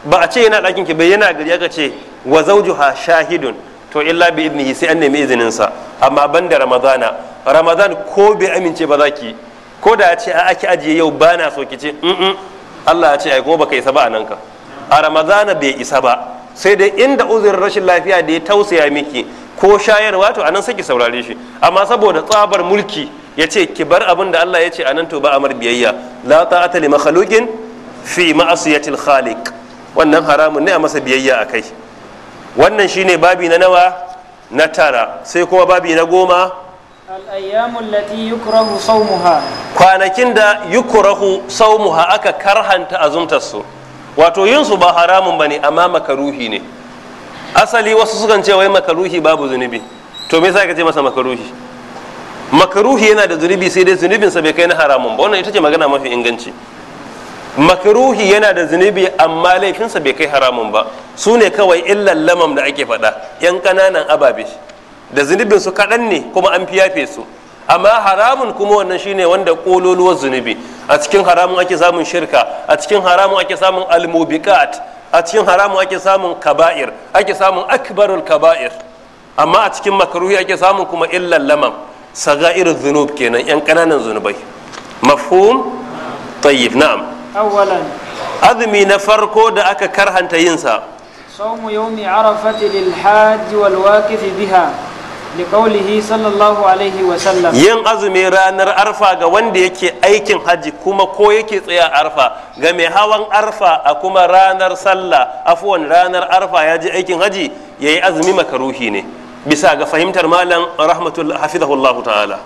ba a ce yana dakin ki bai yana gari aka ce wa zawjuha shahidun to illa bi idnihi sai an nemi izinin sa amma banda ramadana ramadan ko bai amince ba za ki ko da ce a ki ajiye yau ba na so ki ce Allah ya ce ai kuma baka isa ba anan ka a ramadana bai isa ba sai dai inda uzurin rashin lafiya da ya tausaya miki ko shayarwa to anan saki saurare shi amma saboda tsabar mulki ya ce ki bar abin da Allah ya ce anan to ba amar biyayya la ta'ata li makhluqin fi ma'asiyatil khaliq wannan haramun ne a masa biyayya a kai wannan shine babi na nawa na tara sai kuma babi na goma kwanakin da yukurahu saumuha aka karhanta azumtarsu wato yin ba haramun ba ne amma makaruhi ne asali wasu sukan ce wai makaruhi babu zunubi to me sai ka ce masa makaruhi makaruhi yana da zunubi sai dai zunubinsa bai kai na haramun ba wannan ita ce magana mafi inganci makruhi yana da zunubi amma laifinsa bai kai haramun ba su ne kawai illan lamam da ake faɗa yan ƙananan ababe da zunubin su kaɗan ne kuma an fiyafe su amma haramun kuma wannan shine wanda kololuwar zunubi a cikin haramun ake samun shirka a cikin haramun ake samun almubiqat a cikin haramun ake samun kaba'ir ake samun akbarul kaba'ir amma a cikin makaruhi ake samun kuma illan lamam saga'ir zunub kenan yan kananan zunubai mafhum tayyib na'am azumi na farko da aka karhanta yinsa صوم يوم عرفة للحاج والواقف بها لقوله sallallahu alaihi wa sallam yin azumi ranar arfa ga wanda yake aikin haji kuma ko yake tsaya arfa ga mai hawan arfa a kuma ranar sallah afwan ranar arfa ya je aikin haji ya yi azumi makaruhi ne bisa ga fahimtar malam rahmatul hafizahullahu ta'ala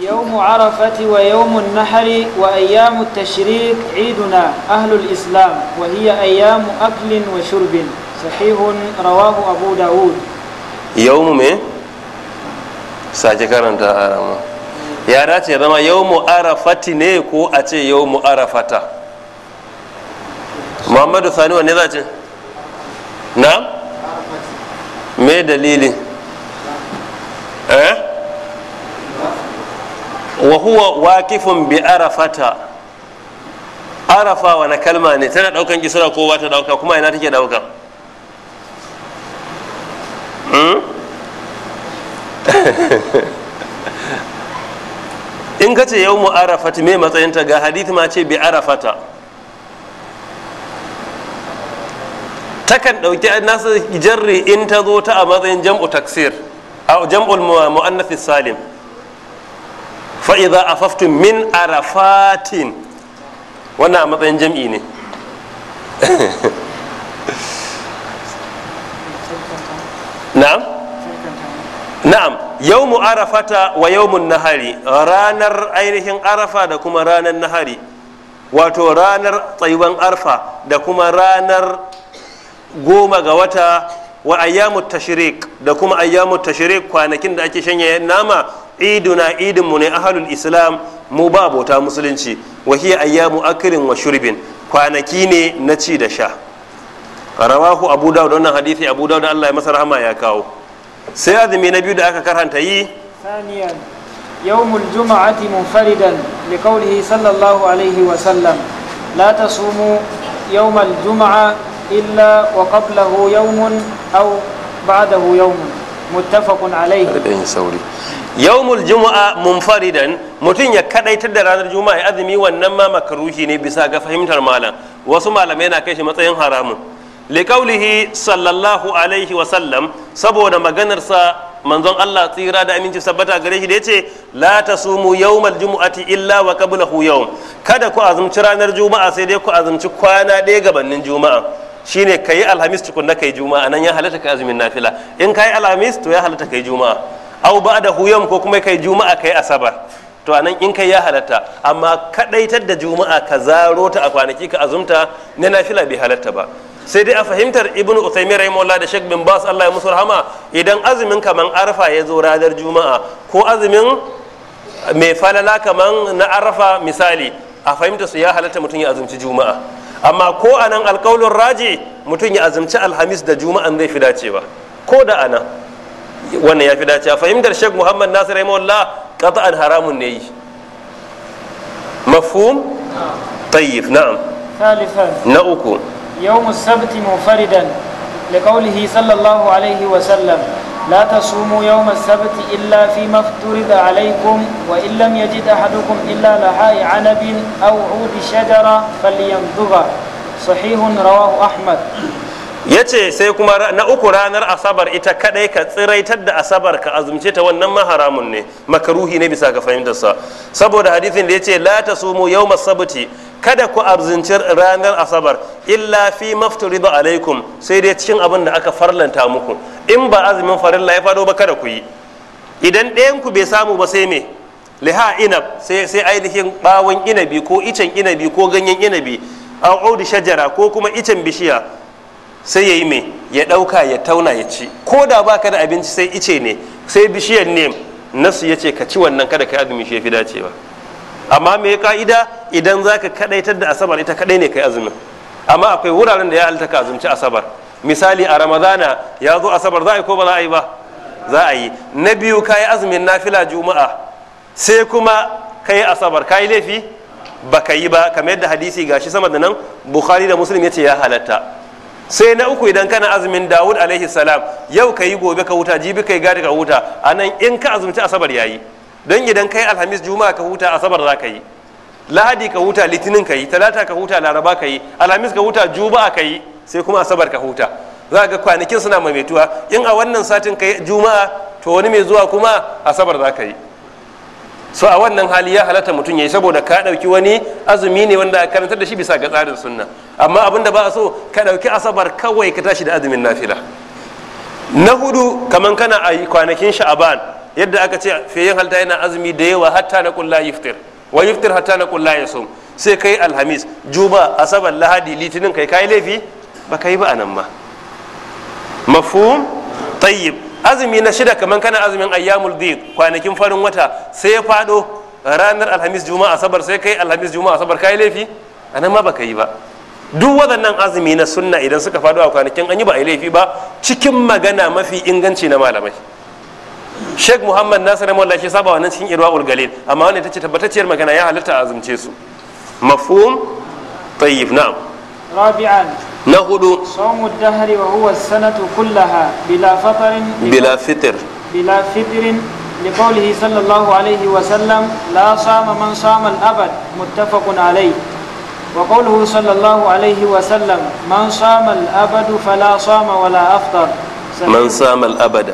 يوم عرفة ويوم النحر وأيام التشريق عيدنا أهل الإسلام وهي أيام أكل وشرب صحيح رواه أبو داود يوم إيه؟ أنت أرما يا راتي رما يوم عرفة نيكو أتي يوم عرفة محمد ثاني ونذاتي نعم ما دليلي أه؟ wa huwa waqifun bi arafata arafa wani kalma ne tana daukan isra ko ba ta dauka kuma ina take dauka hmm? in ka ce yau mu arafat me matsayinta ga hadith ma ce bi arafata takan ɗauki nasa jarri in ta zo ta a matsayin jam'u taksir a jam'ul mu'annathis salim fa'iza a faftu min arafatin wannan a matsayin jam'i ne na'am yau mu arafata wa yawmun nahari ranar ainihin arafa da kuma ranar nahari wato ranar tsayuwan arfa da kuma ranar goma ga wata wa ayyamu tashrik da kuma ayyamu tashrik kwanakin da ake shanye nama iduna na idinmu ne ahalul islam mu ba bauta musulunci wa hiya ayyamu akrin wa shurbin kwanaki ne na ci da sha rawahu abu daud wannan hadisi abu daud Allah ya masa rahama ya kawo sai azumi na biyu da aka karanta yi saniyan yawmul juma'ati munfaridan li qawlihi sallallahu alaihi wa sallam la tasumu yawmal juma'a illa wa qablahu yawmun aw ba'dahu yawmun muttafaqun alaihi dan sauri yawmul jumu'a munfaridan mutum ya kadaita da ranar juma'a ya azumi wannan ma makaruhi ne bisa ga fahimtar malam wasu malamai na kai shi matsayin haramun qawlihi sallallahu alaihi wa sallam saboda maganarsa manzon Allah tsira da aminci sabbata gare shi da yace la tasumu yawmal jumu'ati illa wa qablahu yawm kada ku azumci ranar juma'a sai dai ku azumci kwana ɗaya gabanin juma'a shine ka yi alhamis tukunna kai juma'a nan ya halatta kai azumin nafila in ka yi alhamis to ya halatta kai juma'a au ba da huyam ko kuma kai juma'a kai asabar to anan in kai ya halatta amma kadaitar da juma'a ka zaro ta a kwanaki ka azumta na nafila bai halatta ba sai dai a fahimtar ibnu uthaymin rahimahullah da sheikh bin bas Allah ya musu rahama idan azumin kaman arfa ya zo ranar juma'a ko azumin mai falala kaman na arfa misali a fahimta su ya halatta mutum ya azumci juma'a amma ko a nan alƙaulun raji mutum ya azumci alhamis da juma'an zai fi dacewa ko da ana wannan ya fi dacewa fahimtar sheikh muhammad nasir rahimahullah qat'an haramun ne yi mafhum tayyib na'am na uku yawmus sabti munfaridan liqawlihi sallallahu alaihi wa sallam لا تصوموا يوم السبت إلا فيما افترض عليكم وإن لم يجد أحدكم إلا لحاء عنب أو عود شجرة فلينضبه صحيح رواه أحمد ya ce sai kuma na uku ranar asabar ita kadai ka tsiraitar da asabar ka azumce ta wannan ma haramun ne makaruhi ne bisa ga fahimtarsa saboda hadisin da ya ce la ta sumu yau masabuti kada ku arzinci ranar asabar illa fi mafturi ba alaikum sai dai cikin abin da aka farlanta muku in ba azumin farilla ya fado ba kada ku yi idan ɗayan ku bai samu ba sai me liha inab sai sai ainihin bawon inabi ko icen inabi ko ganyen inabi a shajara ko kuma icen bishiya sai ya yi mai ya ɗauka ya tauna ya ci ko da ba ka da abinci sai ice ne sai bishiyar ne nasu ya ce ka ci wannan kada ka azumi shi ya fi dacewa amma me ka'ida idan za ka kaɗaitar da asabar ita kaɗai ne kai azumin amma akwai wuraren da ya alta ka azumci asabar misali a ramadana ya zo asabar za a yi ko ba za a yi ba za a yi na biyu ka yi azumin nafila juma'a sai kuma ka yi asabar ka yi laifi ba ka yi ba kamar yadda hadisi gashi sama da nan bukhari da muslim ya ce ya halatta sai na uku idan kana azumin dawud alaihi salam yau ka yi gobe ka huta jibi ka yi gadi ka huta a nan in ka azumci asabar ya yi don idan ka yi alhamis juma'a ka huta asabar za ka yi lahadi ka huta litinin ka yi talata ka huta laraba ka yi alhamis ka huta juma'a ka yi sai kuma asabar ka huta za ga kwanakin suna maimaituwa in a wannan satin ka yi juma'a to wani mai zuwa kuma asabar za ka yi so a wannan hali ya halatta mutum ya yi saboda ka ɗauki wani azumi ne wanda a karantar da shi bisa ga tsarin sunna amma abinda ba a so ka ɗauki asabar kawai ka tashi da azumin nafila na hudu kaman kana a kwanakin sha'aban yadda aka ce fiyen halta yana azumi da yawa hatta na kulla yiftir wa yiftir hatta na kulla ya sum sai kai alhamis juba asabar lahadi litinin kai kai laifi ba kai ba anan ma mafhum tayyib azumi na shida kamar kana azumin ayyamul dhid kwanakin farin wata sai ya fado ranar alhamis juma'a asabar sai kai alhamis juma'a sabar kai laifi anan ma baka yi ba duk waɗannan azumi na sunna idan suka fado a kwanakin an yi ba a yi laifi ba cikin magana mafi inganci na malamai sheikh muhammad nasir mawla shi saba wannan cikin irwaul galil amma ta ce tabbatacciyar magana ya halatta azumce su mafhum tayyib na'am rabi'an na hudu sawmu dahri wa huwa sanatu kullaha bila fatarin bila fitr bila fitrin لقوله صلى الله عليه وسلم لا صام من صام الأبد متفق عليه وقوله صلى الله عليه وسلم من صام الأبد فلا صام ولا أفطر من صام الأبد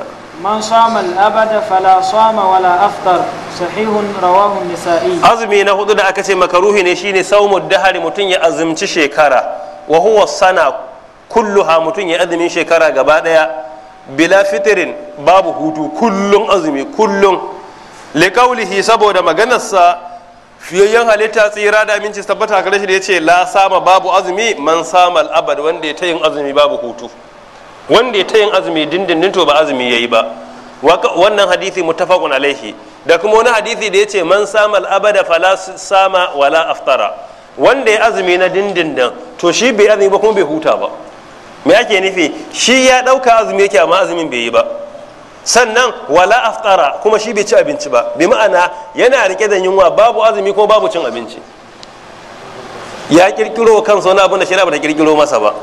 من صام الأبد فلا صام ولا أفطر صحيح رواه النسائي أزمي نهضنا أكسي مكروه نشيني صوم الدهر متن يأزمتشي كارا wa huwa sana kulluha mutum ya azumin shekara gaba daya bila fitirin babu hutu kullun azumi kullun qawlihi saboda maganarsa fiyayyen halitta tsira da aminci tabbata gare shi da yace la sama babu azumi man sama al wanda ya ta yin azumi babu hutu wanda ya ta yin azumi dindindin to ba azumi yayi ba wannan hadisi muttafaqun alaihi da kuma wani hadisi da yace man sama al-abada fala sama wala aftara wanda ya azumi na dindindin to shi bai azumi ba kuma bai huta ba me ake nufi shi ya ɗauka azumi yake amma azumin bai yi ba sannan wala aftara kuma shi bai ci abinci ba bi ma'ana yana rike da yunwa babu azumi kuma babu cin abinci ya kirkiro kansa wani abin da na bata kirkiro masa ba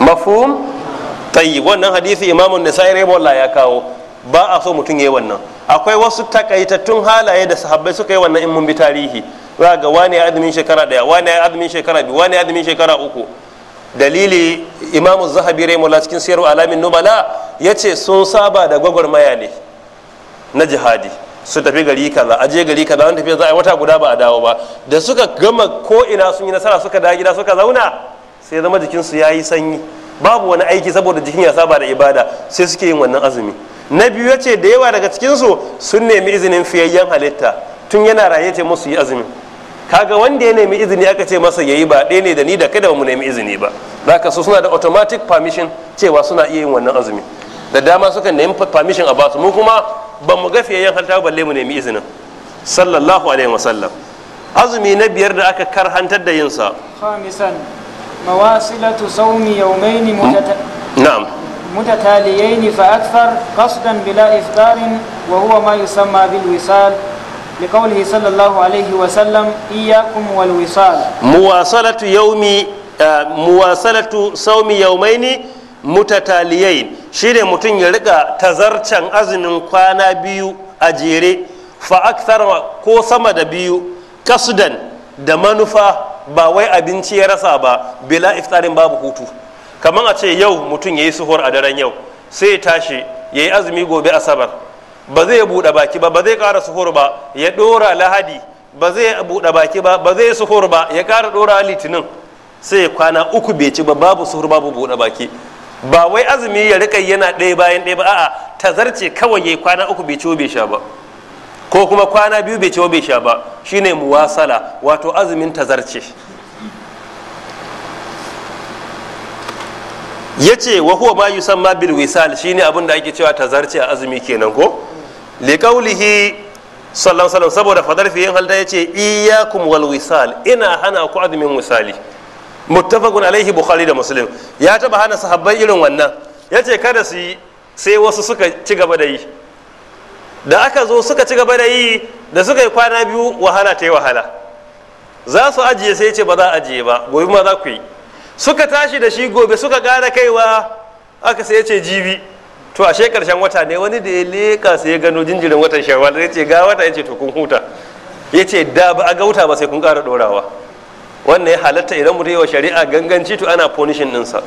mafhum tayyib wannan hadisi imamun nisa'i rahimahullah ya kawo ba a so mutum yayi wannan akwai wasu takaitattun halaye da sahabbai suka yi wannan in mun bi tarihi za ga wani ya azumin shekara daya wani ya azumin shekara biyu wani ya azumin shekara uku dalili imamu zahabi mula cikin wa alamin nubala ya ce sun saba da gwagwarmaya ne na jihadi su tafi gari kaza a je gari kaza wani tafiya za a wata guda ba a dawo ba da suka gama ko ina sun yi nasara suka dawo gida suka zauna sai zama jikinsu ya yi sanyi babu wani aiki saboda jikin ya saba da ibada sai suke yin wannan azumi na biyu ya ce da yawa daga cikinsu sun nemi izinin fiyayyen halitta tun yana raye ce musu yi azumi kaga wanda ya nemi izini aka ce masa ya yi ba ɗaya ne da ni da kai da mu nemi izini ba zaka so suna da automatic permission cewa suna iya yin wannan azumi da dama suka nemi permission a basu mu kuma ba mu ga fiyayyen halitta balle mu nemi izinin sallallahu alaihi wasallam azumi na biyar da aka karhantar da yinsa khamisan mawasilatu sawmi yawmayn na'am متتاليين فأكثر قصدا بلا إفطار وهو ما يسمى بالوصال لقوله صلى الله عليه وسلم إياكم والوصال مواصلة يومي مواصلة صوم يومين متتاليين shine mutum ya rika tazarcen azumin kwana biyu a jere fa akthar ko sama da biyu kasudan da manufa ba wai abinci ya rasa ba bila iftarin babu hutu kamar a ce yau mutum ya yi suhur a daren yau sai ya tashi ya yi azumi gobe asabar ba zai buɗe baki ba ba zai ƙara suhur ba ya ɗora lahadi ba zai buɗe baki ba ba zai suhur ba ya ƙara ɗora litinin sai kwana uku bai ci ba babu suhur babu buɗe baki ba wai azumi ya rika yana ɗaya bayan ɗaya ba a'a tazarce kawai yi kwana uku bai ci bai sha ba ko kuma kwana biyu bai ci bai sha ba shine muwasala wato azumin tazarce yace wa huwa ma yusamma bil wisal shine abin da ake cewa zarce a azumi kenan ko li kaulihi sallallahu alaihi wasallam saboda fadar yin halda yace iyyakum wal wisal ina hana ku azumin wisali muttafaqun alaihi bukhari da muslim ya taba hana sahabbai irin wannan ya ce kada su sai wasu suka ci gaba da yi da aka zo suka ci gaba da yi da suka yi kwana biyu wahala ta yi wahala za su ajiye sai ce ba za a ajiye ba gobe ma za ku yi suka tashi da shi gobe suka gara kaiwa aka sai ce jibi to ashe karshen wata ne wani da ya leka sai ya gano jinjirin watan shawar ya ce ga wata ya ce to kun huta ya ce da ba a ga ba sai kun kara dorawa wannan ya halatta idan mutum yawa shari'a ganganci to ana ponishin ɗinsa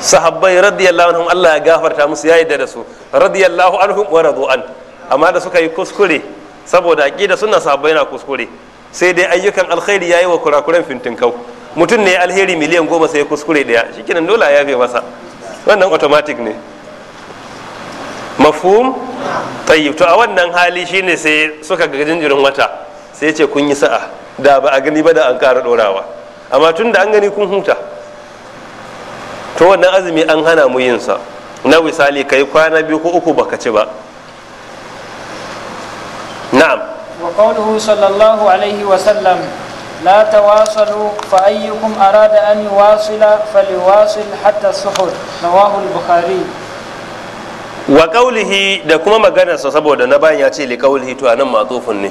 sahabbai radiyallahu anhum Allah ya gafarta musu ya yadda da su radiyallahu anhum wa an amma da suka yi kuskure saboda aqida sunna sahabbai na kuskure sai dai ayyukan alkhairi yayi wa kurakuren fintinkau mutum ne alheri miliyan goma sai kuskure daya shikenan dole a yafe masa wannan automatic ne mafhum tayyib to a wannan hali shine sai suka ga jinjirin wata sai ce kun yi sa'a da ba a gani ba da an ƙara dorawa amma tun da an gani kun huta to wannan azumi an hana mu yin sa na misali kai kwana biyu ko uku baka ci ba na'am wa qawluhu sallallahu alaihi wa sallam لا تواصلوا فأيكم أراد أن يواصل فليواصل حتى السحر رواه البخاري wa kaulihi da kuma maganarsa saboda na bayan ya ce li kaulihi to anan matsofin ne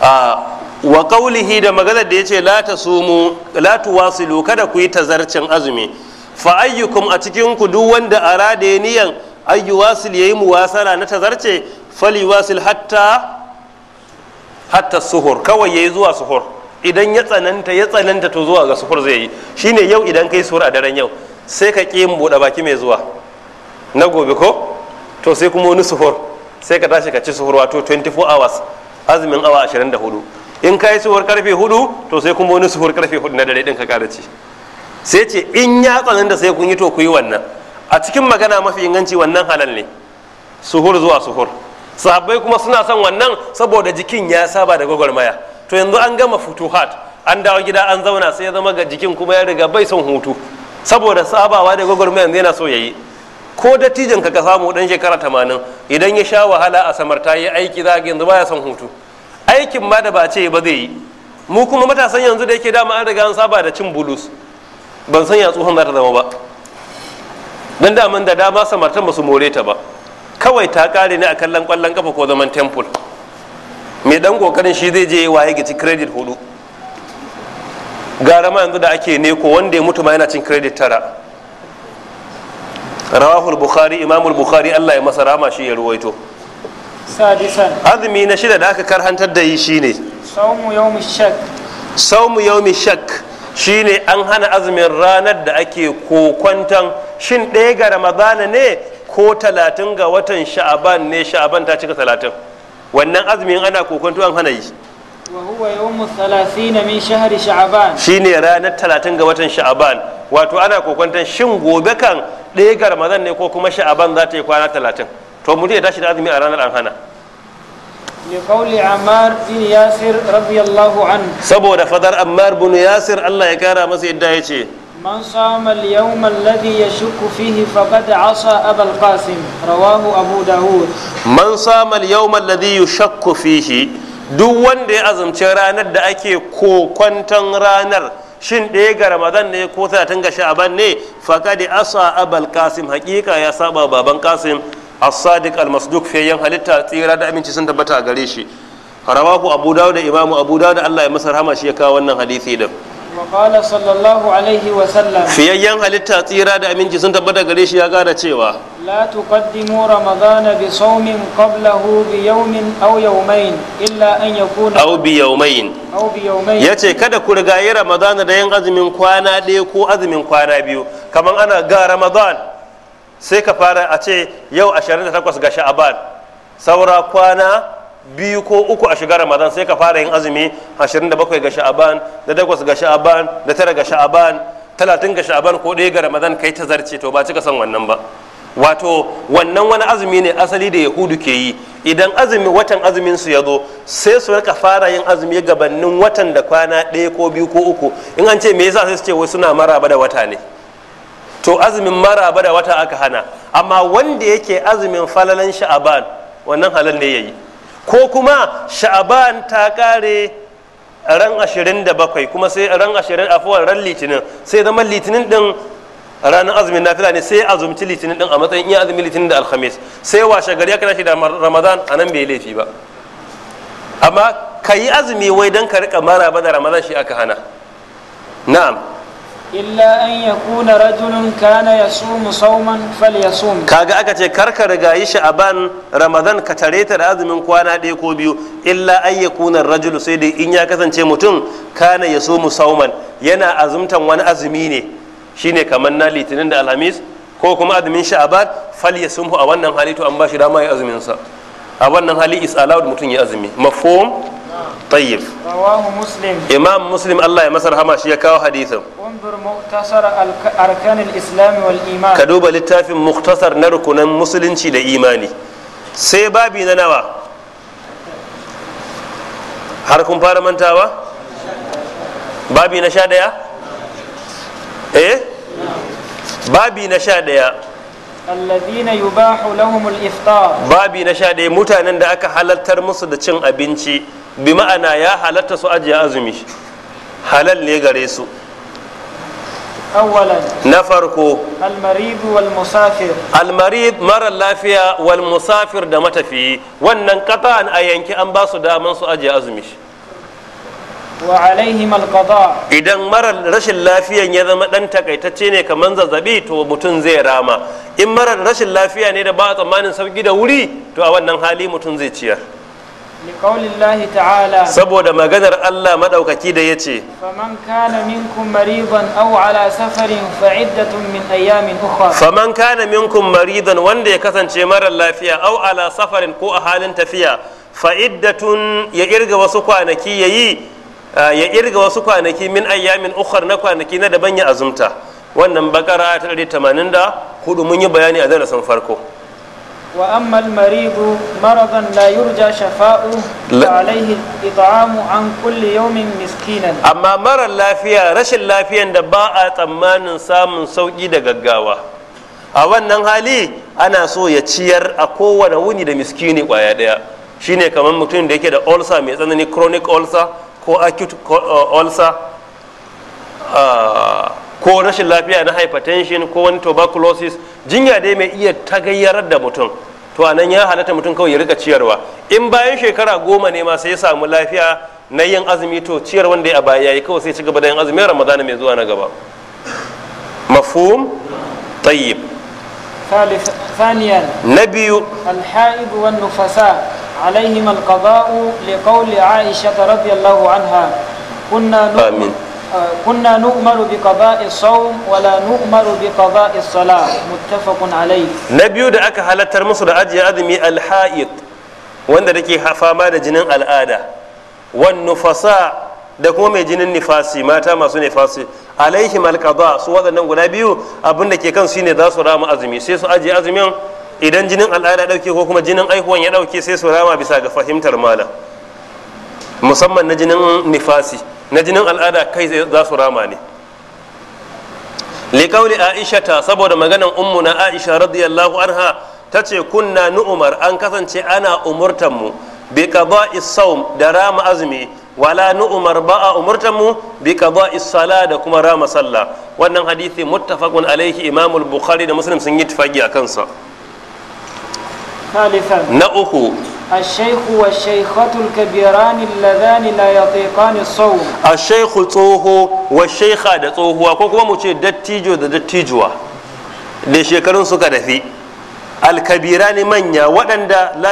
a wa kaulihi da maganar da ya ce la ta sumu la tuwasilu kada ku yi tazarcin azumi fa ayyukum a cikin ku duk wanda arada ya niyan ayyu wasil yayi muwasala na tazarce fali wasil hatta hatta suhur kawai yayi zuwa suhur idan ya tsananta ya tsananta to zuwa ga sufur zai yi shine yau idan kai sura a daren yau sai ka ƙi yin buɗe baki mai zuwa na gobe ko to sai kuma wani sufur sai ka tashi ka ci sufur wato 24 hours azumin awa 24 in ka yi sufur karfe 4 to sai kuma wani sufur karfe 4 na dare din ka kara ci sai ce in ya tsananta sai kun yi to ku yi wannan a cikin magana mafi inganci wannan halal ne suhur zuwa suhur sahabbai kuma suna son wannan saboda jikin ya saba da gwagwarmaya to yanzu an gama futuhat an dawo gida an zauna sai ya zama ga jikin kuma ya riga bai son hutu saboda sabawa da gwagwarmaya yanzu yana so ya yi ko dattijin ka ka samu dan shekara tamanin idan ya sha wahala a samarta ya aiki za ga yanzu baya son hutu aikin ma da ba ce ba zai yi mu kuma matasan yanzu da yake dama an riga an saba da cin bulus ban san ya tsohon za ta zama ba don daman da dama samartan ba su more ta ba kawai ta kare ne a kallon kwallon kafa ko zaman temple mai dan kokarin shi zai je waye gici credit hudu gara ma yanzu da ake neko wanda ya mutu ma yana cin credit tara rawahul bukhari imamul bukhari allah ya masa rama shi ya ruwaito azumi na shida da aka karhantar da yi shine saumu yawmi shak saumu yawmi shak shine an hana azumin ranar da ake kokwantan shin ɗaya ga ramadana ne ko talatin ga watan sha'aban ne sha'aban ta cika talatin wannan azumin ana kokonto an hana yi shi ne ranar talatin ga watan sha'aban wato ana kokonton shin gobe kan ɗaya ga ramadan ne ko kuma sha'aban za ta yi kwana talatin to mutum ya tashi da azumi a ranar an hana لقول عمار بن ياسر yasir allah ya kara masa yadda ya ياسر من صام اليوم الذي يشك فيه فقد عصى أبا القاسم رواه أبو داود من صام اليوم الذي يشك فيه duk wanda ya azumci ranar da ake kokwanton ranar shin ɗaya ga ramadan ne ko talatin ga sha'aban ne faqad asa abal qasim haqiqa ya saba baban qasim as-sadiq al-masduq yan halitta tsira da aminci sun tabbata gare shi rawahu abu dawud da imamu abu dawud Allah ya masa rahama shi ya kawo wannan hadisi din fiyayyen halitta tsira da aminci sun tabbata gare shi ya gara cewa la tuqaddimu ramadana bi sawmin qablahu bi yawmin aw yawmayn illa an yakuna aw bi yawmayn aw bi yawmayn yace kada ku rigayi ramadana da yin azumin kwana ɗaya ko azumin kwana biyu kaman ana ga ramadan sai ka fara a ce yau 28 ga sha'aban saura kwana biyu ko uku a shiga ramadan sai ka fara yin azumi 27 ga sha'aban da 8 ga sha'aban da tara ga sha'aban 30 ga sha'aban ko ɗaya ga ramadan kai ta zarce to ba cika son wannan ba wato wannan wani azumi ne asali da yahudu ke yi idan azumi watan azumin su ya zo sai su rika fara yin azumi gabanin watan da kwana ɗaya ko biyu ko uku in an ce me yasa sai su ce wai suna maraba da wata ne to azumin maraba da wata aka hana amma wanda yake azumin falalan sha'aban wannan halal ne yayi ko kuma sha'aban ta kare ran 27 kuma sai ran 20 afuwar ran litinin sai zama litinin din ranar azumin nafila ne sai azumci litinin din a matsayin iya azumin litinin da alhamis sai washe gari ya kana shi da ramadan a nan bai laifi ba amma ka yi azumi wai don ka rika mara ba da ramadan shi aka hana na'am illa an yakuna rajulun kana yasumu sauman falyasum kaga aka ce karka rigayi sha'aban ramadan ka tare ta azumin kwana ɗaya ko biyu illa an yakuna rajulu sai dai in ya kasance mutum kana yasumu sauman yana azumtan wani azumi ne shine kamar na litinin da alhamis ko kuma azumin sha'aban falyasumhu a wannan hali to an ba shi dama ya azumin sa a wannan hali is allowed mutum ya azumi mafhum طيب رواه مسلم إمام مسلم الله يمسر هما شيء كاو انظر مختصر أركان الإسلام والإيمان كدوب للتاف مختصر نركنا مسلم شيء لإيماني سيبابي ننوى harkun fara mantawa babi na sha ɗaya eh babi na sha ɗaya alladhina yubahu lahumul iftar sha ɗaya mutanen da aka halartar musu da cin abinci bi ma'ana ya halatta su ajiye azumi halal ne gare su na farko almarid mara lafiya wal musafir da matafiyi wannan an a yanki an ba su daman su ajiye azumi idan marar rashin lafiyan ya zama dan takaitacce ne kamar zazzabi to mutum zai rama in marar rashin lafiya ne da ba a tsammanin sauki da wuri to a wannan hali mutum zai ciyar saboda maganar Allah maɗaukaki da ya ce faman kana minkum maridan aw ala safarin fa iddatun min ayyamin ukhra faman kana minkum maridan wanda ya kasance mara lafiya aw ala safarin ko a halin tafiya fa iddatun ya irga wasu kwanaki yayi ya irga wasu kwanaki min ayyamin ukhra na kwanaki na daban ya azumta wannan bakara ta 184 mun yi bayani a darasin farko Wa Ammal Maiduguri Maraɗan Layurja Shafa'u, ba alaihi izamu an kulle yomin miskinan. Amma mara lafiya rashin lafiyan da ba'a tsammanin samun sauƙi da gaggawa a wannan hali ana so ya ciyar a kowane wuni da miskini kwaya ɗaya. shine ne kaman mutum da yake da ulcer mai tsananin chronic ulcer, ko acute ulcer, ko rashin lafiya na hypertension, ko wani tuberculosis. jinya dai mai iya tagayyarar da mutum to a nan ya halatta mutum kawai ya rika ciyarwa in bayan shekara goma ne ma sai ya samu lafiya na yin azumi to ciyar wanda ya baya yayi kawai sai ci gaba da yin azumin ramadana mai zuwa na gaba mafhum tayyib ثانيا نبي الحائض والنفساء عليهم القضاء لقول عائشة رضي الله عنها كنا آمين kunna nu'maru bi qada'i sawm wa la nu'maru bi qada'i salah muttafaqun alayh na biyu da aka halattar musu da ajiye azumi al-ha'id wanda take fama da jinin al'ada wan nufasa da kuma mai jinin nifasi mata masu nifasi alaihim alqada su waɗannan guda biyu abin da ke kan su ne za su rama azumi sai su ajiye azumin idan jinin al'ada dauke ko kuma jinin aihuwan ya dauke sai su rama bisa ga fahimtar malam musamman na jinin nifasi na jinin al'ada kai za su rama ne likauli aisha ta saboda maganan ummuna aisha radiyallahu anha ta ce kunna nu'umar an kasance ana umurtanmu bi qada'i saum da rama azumi wala nu'umar ba a umurtanmu bi qada'i sala da kuma rama sallah wannan hadisi muttafaqun alaihi imamul bukhari da muslim sun yi tufagi a kansa na uku الشيخ والشيخة الكبيران اللذان لا يطيقان الصوم الشيخ tsoho والشيخة da tsohuwa ko kuma mu ce dattijo da dattijuwa da shekarun suka dafi alkabirani manya waɗanda la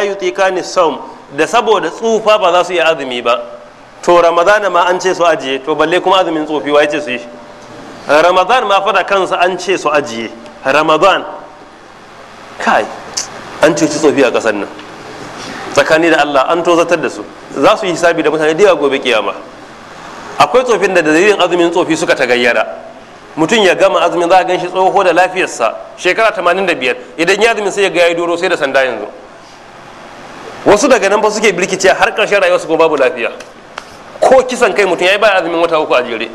da saboda tsufa ba za su iya azumi ba to ramadana ma an ce su ajiye to balle kuma azumin tsofi wa ce su yi ramadan ma fada kansa an ce su ajiye ramadan kai an cuci tsofi a ƙasar nan tsakani da Allah an tozatar da su za su yi hisabi da mutane da gobe kiyama akwai tsofin da dalilin azumin tsofi suka ta gayyara mutum ya gama azumin za a gan shi tsoho da lafiyarsa shekara 85 idan ya azumin sai ya ga doro sai da sanda yanzu wasu daga nan ba suke birkice har ƙarshen su kuma babu lafiya ko kisan kai mutum yayi ba azumin wata uku a jere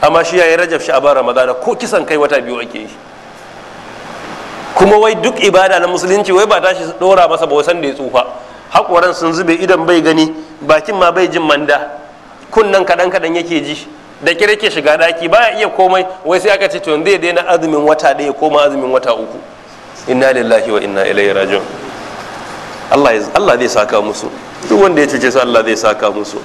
amma shi yayi rajab shi a bar ramadana ko kisan kai wata biyu ake yi kuma wai duk ibada na musulunci wai ba ta shi dora masa ba san da ya tsufa hakoran sun zube idan bai gani bakin ma bai jin manda kunnan kadan kadan yake ji da kira ke shiga ɗaki ya iya komai wai sai aka ce to zai daina azumin wata ɗaya koma azumin wata uku inna lillahi wa inna ilaihi raji'un Allah zai saka musu duk wanda ya cuce su Allah zai saka musu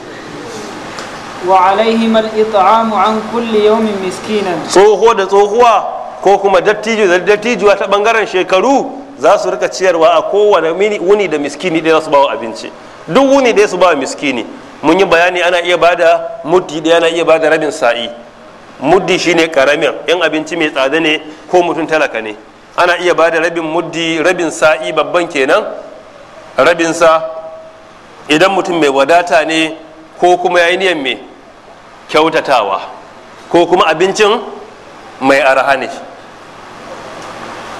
wa alaihim al-it'am an kulli yawmin miskinan tsoho da tsohuwa ko kuma dattijo da dattijuwa ta bangaren shekaru za su rika ciyarwa a kowane wuni da miskini ɗaya su bawa abinci duk wuni ɗaya su bawa miskini mun yi bayani ana iya bada muddi ɗaya ana iya bada rabin sa'i muddi shine karamin yan abinci mai tsada ne ko mutum talaka ne ana iya ba da rabin muddi rabin sa'i babban kenan rabin sa idan mutum mai wadata ne ko kuma yayi niyan mai kyautatawa ko kuma abincin mai arha ne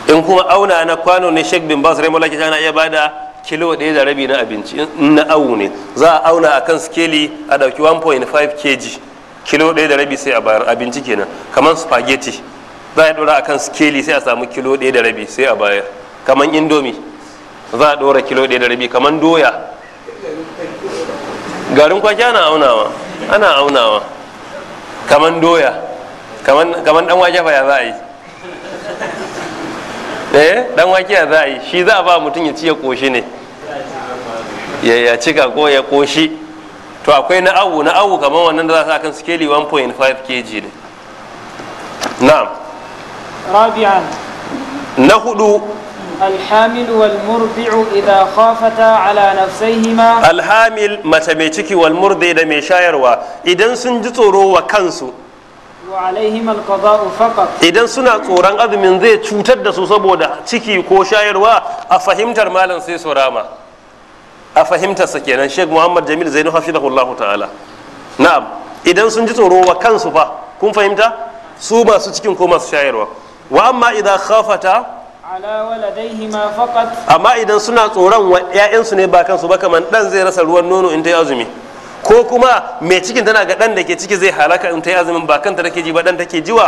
in kuma auna na kwano ne Sheikh bin Bas rahimahullah ke ana iya bada kilo ɗaya da rabi na abinci in na awu ne za a auna akan skeli a ɗauki 1.5 kg kilo ɗaya da rabi sai a bayar abinci kenan kamar spaghetti za a ɗora akan skeli sai a samu kilo ɗaya da rabi sai a bayar kamar indomi za a ɗora kilo ɗaya da rabi kamar doya garin kwaki ana aunawa ana aunawa kamar doya kamar ɗan wake fa ya za a yi eh dan ya za a yi shi za a ba mutum ya ci ya koshi ne ya cika ko ya koshi to akwai na awu na awu kamar wannan da za a kan skeli 1.5 kg ne na'am rabi'an na hudu الحامل والمرضع إذا خافتا على نفسيهما الحامل متى ميتكي والمرضع إذا ميشايروا إذا سنجتورو وكنسو idan suna tsoron azumin zai cutar da su saboda ciki ko shayarwa a fahimtar malam sai su rama a fahimtarsa kenan sheikh muhammad jamil zainu hafizahullahu ta'ala na'am idan sun ji tsoro wa kansu fa kun fahimta su masu cikin ko masu shayarwa wa amma idan khafata amma idan suna tsoron wa 'ya'yansu ne ba kansu ba kamar dan zai rasa ruwan nono in ta azumi ko kuma mai cikin tana ga dan da ke ciki zai halaka in ta yi azumin ba kanta take ji ba dan take jiwa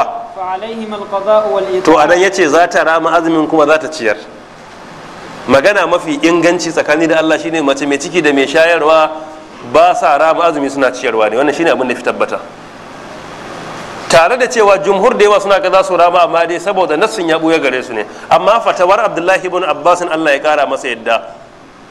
to a anan yace za ta rama azumin kuma za ta ciyar magana mafi inganci tsakani da Allah shine mace mai ciki da mai shayarwa ba sa rama azumi suna ciyarwa ne wannan shine abin da fi tabbata tare da cewa jumhur da yawa suna ga za su rama amma dai saboda nassin ya buya gare su ne amma fatawar Abdullahi ibn Abbas Allah ya kara masa yadda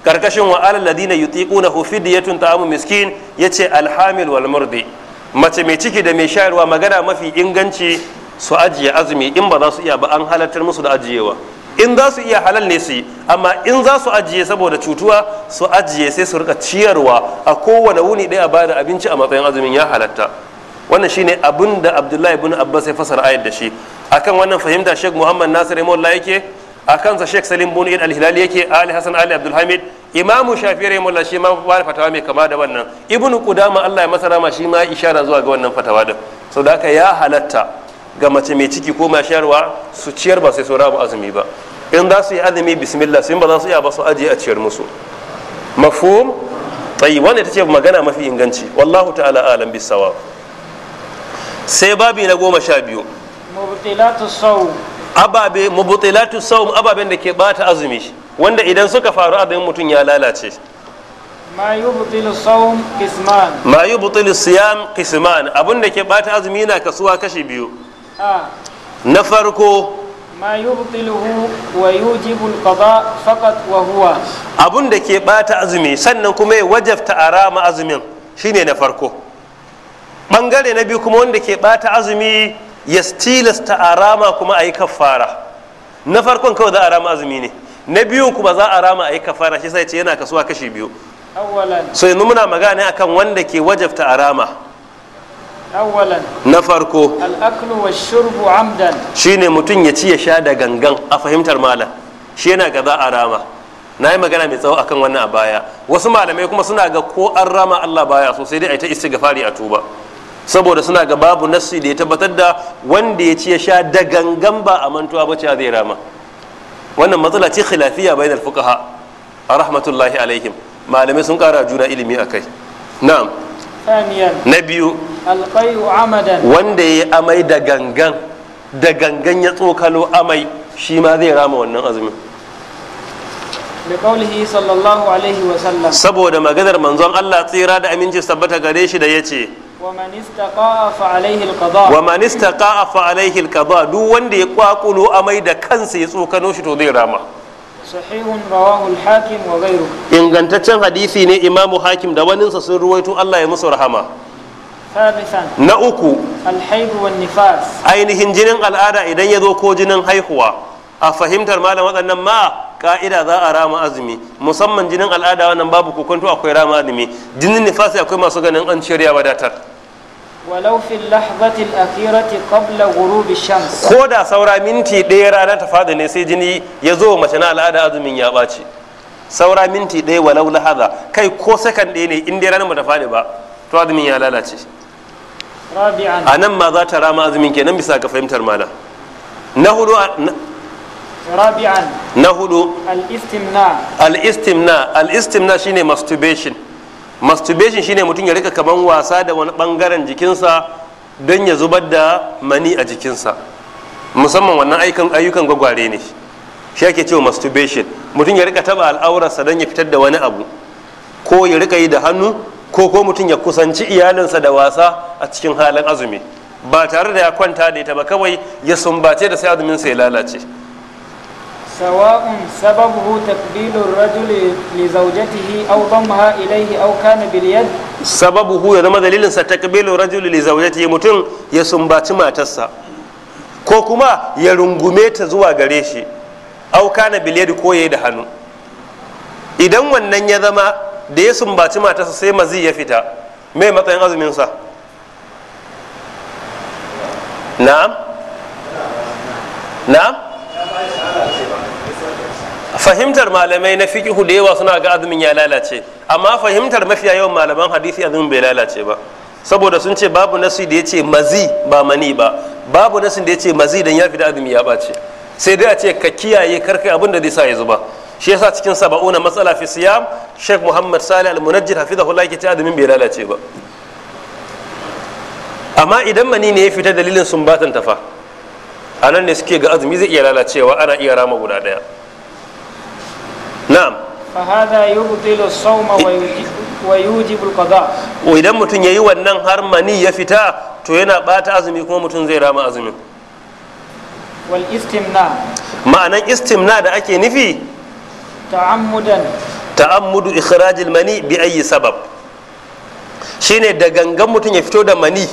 karkashin wa alal ladina yutiquna hu fidyatun ta'amu miskin yace alhamil wal murdi mace mai ciki da mai shayarwa magana mafi inganci su ajiye azumi in ba za su iya ba an halartar musu da ajiyewa in za su iya halal ne su yi amma in za su ajiye saboda cutuwa su ajiye sai su rika ciyarwa a kowane wuni a bada abinci a matsayin azumin ya halatta wannan shine abin da abdullahi ibn abbas ya fasara ayar da shi akan wannan fahimta sheikh muhammad nasir imam yake a kansa sheikh salim bunu al-hilali yake ali hasan ali abdulhamid imamu shafi'i rahimahullah shi ma ba fatawa mai kama da wannan ibnu qudama Allah ya masa rama shi ma ishara zuwa ga wannan fatawa din da haka ya halatta ga mace mai ciki ko ma shayarwa su ciyar ba sai su rabu azumi ba in za su yi azumi bismillah sun ba za su iya ba su ajiye a ciyar musu mafhum tayi wannan ta ce magana mafi inganci wallahu ta'ala alam bisawab sai babi na goma sha biyu mubtilatu sawm ababe mubtilatu sawm ababen da ke bata azumi wanda idan suka faru azumin mutum ya lalace ma yubtilu sawm qisman ma yubtilu siyam qisman abun da ke bata azumi na kasuwa kashi biyu na farko ma yubtiluhu wa yujibu alqada faqat wa huwa Abun da ke bata azumi sannan kuma ya wajabta arama azumin shine na farko bangare na biyu kuma wanda ke bata azumi ya tilasta arama kuma a yi kafara na farkon kawai za a rama azumi ne na biyun kuma za a rama ayi yi kafara shi sai ce yana kasuwa kashi biyu so yanzu muna magana akan wanda ke wajabta arama. rama na farko shi ne mutum ya ci ya sha da gangan a fahimtar malam shi yana ga za a rama na yi magana mai tsawo akan wannan a baya wasu malamai kuma suna ga ko an rama allah baya sosai, dai a ta istighfari a tuba saboda suna ga babu nassi da ya tabbatar da wanda ya ci ya sha da gangan ba a mantuwa ba zai rama wannan matsala ce khilafiya fuka ha a rahmatullahi alaihim malamai sun kara juna ilimi akai na'am na biyu wanda ya yi amai da gangan da gangan ya tsokalo amai shi ma zai rama wannan azumin saboda maganar manzon Allah tsira da aminci tabbata gare shi da ya ce. ومن استقاء فعليه القضاء ومن استقاء duk wanda ya kwakulo amai da kansa ya tsokano shi to zai rama sahihun rawahu al-hakim wa ghayruhu ingantaccen hadisi ne imamu hakim da waninsa sun ruwaito Allah ya musu rahama na uku ainihin jinin al'ada idan ya zo ko jinin haihuwa a fahimtar malam waɗannan ma ka'ida za a rama azumi musamman jinin al'ada wannan babu kokonto akwai rama azumi jinin nifasi akwai masu ganin an shirya wadatar walau fil lahzati al-akhirati qabla ghurub ash-shams ko da saura minti ɗaya rana ta fada ne sai jini ya zo mace na al'ada azumin ya ɓaci saura minti ɗaya walau lahaza kai ko sakan ɗaya ne in dai ranar ta fadi ba to azumin ya lalace a nan ma za ta rama azumin kenan bisa ga fahimtar mala na hudu na hudu al'istimna istimna al-istimna al shine masturbation masturbation shine mutum ya rika kaman wasa da wani bangaren jikinsa don ya zubar da mani a jikinsa musamman wannan ayyukan gwagware ne shi ake cewa masturbation mutum ya rika taba al'aurarsa don ya fitar da wani abu ko ya rika yi da hannu ko ko mutum ya kusanci iyalinsa da wasa a cikin halin azumi ba tare da ya kwanta da ita ba kawai ya sumbace da sai azumin sa ya lalace سواء سببه تقبيل الرجل لزوجته او ضمها اليه او كان باليد سببه يا زما دليل ستقبيل الرجل لزوجته متن يسنباتي ماتسا ko kuma ya rungume ta zuwa gare shi au kana biliyadi ko yayi da hannu idan wannan ya zama da ya sumbaci matarsa sai mazi ya fita mai matsayin azumin sa na'am na'am fahimtar malamai na fiqhu da yawa suna ga azumin ya lalace amma fahimtar mafiya yawan malaman hadisi azumin bai lalace ba saboda sun ce babu nasu da ya ce mazi ba mani ba babu nasu da ya ce mazi dan ya fi da azumi ya ɓace sai dai a ce ka kiyaye karkai abin da zai sa ya zuba shi yasa cikin saba'una matsala fi siyam sheikh muhammad salih al-munajjid hafizahullah yake ce azumin bai lalace ba amma idan mani ne ya fita dalilin sun batan tafa a nan ne suke ga azumi zai iya lalacewa ana iya rama guda ɗaya na'am fa hadha yubtilu as-sawma wa yujibu al idan mutum yayi wannan har mani ya fita to yana bata azumi kuma mutum zai rama azumin wal istimna ma'anan istimna da ake nufi ta'ammudan ta'ammudu ikhraj al-mani bi ayi sabab shine da gangan mutum ya fito da mani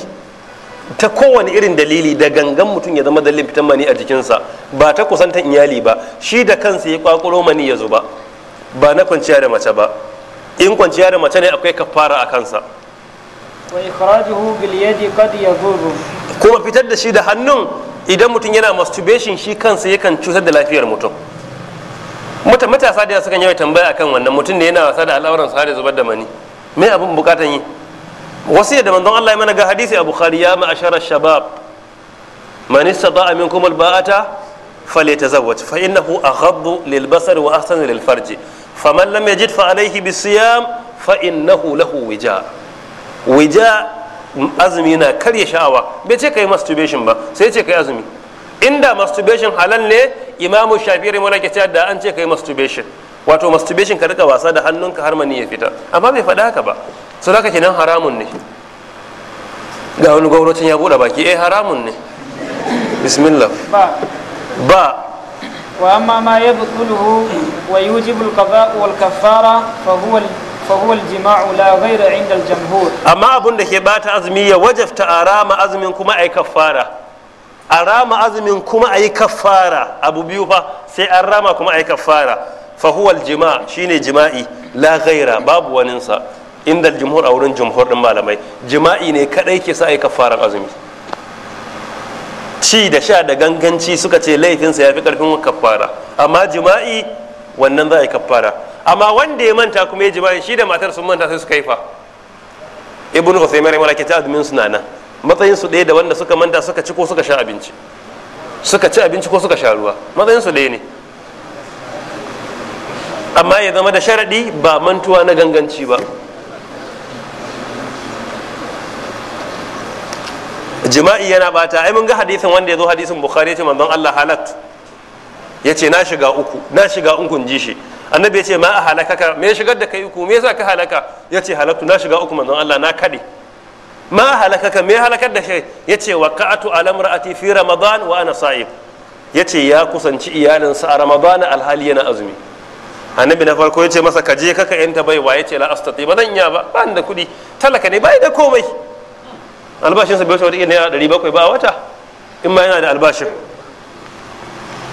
ta kowane irin dalili da gangan mutum ya zama dalilin fitan mani a jikinsa ba ta kusantan iyali ba shi da kansa ya kwakuro mani ya zo ba. ba na kwanciya da mace ba in kwanciya da mace ne akwai kafara a kansa kuma fitar da shi da hannun idan mutum yana masturbation shi kansa yakan cutar da lafiyar mutum mata matasa da sukan yawai tambaya akan wannan mutum ne yana wasa da al'auran sa da zubar da mani me abin bukatan yi wasu da manzon Allah ya mana ga hadisi a Bukhari ya ashara shabab man istata'a minkum al-ba'ata falyatazawwaj fa innahu aghaddu lil basari wa ahsanu lil farji faman lam yajid fa alaihi bisiyam fa innahu lahu wija wija azumi na karya sha'awa bai ce kai masturbation ba sai ce kai azumi inda masturbation halal ne imamu shafi'i rahimahullah ke cewa da an ce kai masturbation wato masturbation ka rika wasa da hannunka har mani ya fita amma bai faɗa haka ba so haka kenan haramun ne ga wani gwamnatin ya buɗe baki eh haramun ne bismillah ba وأما ما يبطله ويوجب القضاء والكفارة فهو فهو الجماع لا غير عند الجمهور أما أبن دكي بات أزمي وجفت أرام أزمن كما أي كفارة أرام أزمن كما أي كفارة أبو بيوفا سي أرام كما أي كفارة فهو الجماع شيني جماعي لا غير باب وننسى عند الجمهور أو جمهور المعلمين جماعي ne kadai ke sa ai kafaran azumi ci da sha da ganganci suka ce laifinsa ya fi karfin kaffara amma jima'i wannan za a yi kaffara amma wanda ya manta kuma ya jima'i shi da matar sun manta sai su kaifa ibnu usaymin rahimahullah ke ta admin suna nan matsayin su ɗaya da wanda suka manta suka ci ko suka sha abinci suka ci abinci ko suka sha ruwa matsayin su ɗaya ne amma ya zama da sharaɗi ba mantuwa na ganganci ba jima'i yana bata ai mun ga hadisin wanda ya zo hadisin bukhari ya ce manzon allah halakt ya ce na shiga uku na shiga uku ji shi annabi ya ce ma a halakaka me shigar da kai uku me yasa ka halaka ya ce halaktu na shiga uku manzon allah na kade ma a halakaka me halakar da shi ya ce wa ka'atu mar'ati fi ramadan wa ana sa'ib ya ce ya kusanci iyalinsa a ramadan alhali yana azumi annabi na farko ya ce masa ka je kaka yanta baiwa ya ce la astati ba zan iya ba ba da kuɗi talaka ne bai da komai albashinsa bai wata naira ɗari bakwai ba a wata in ma yana da albashin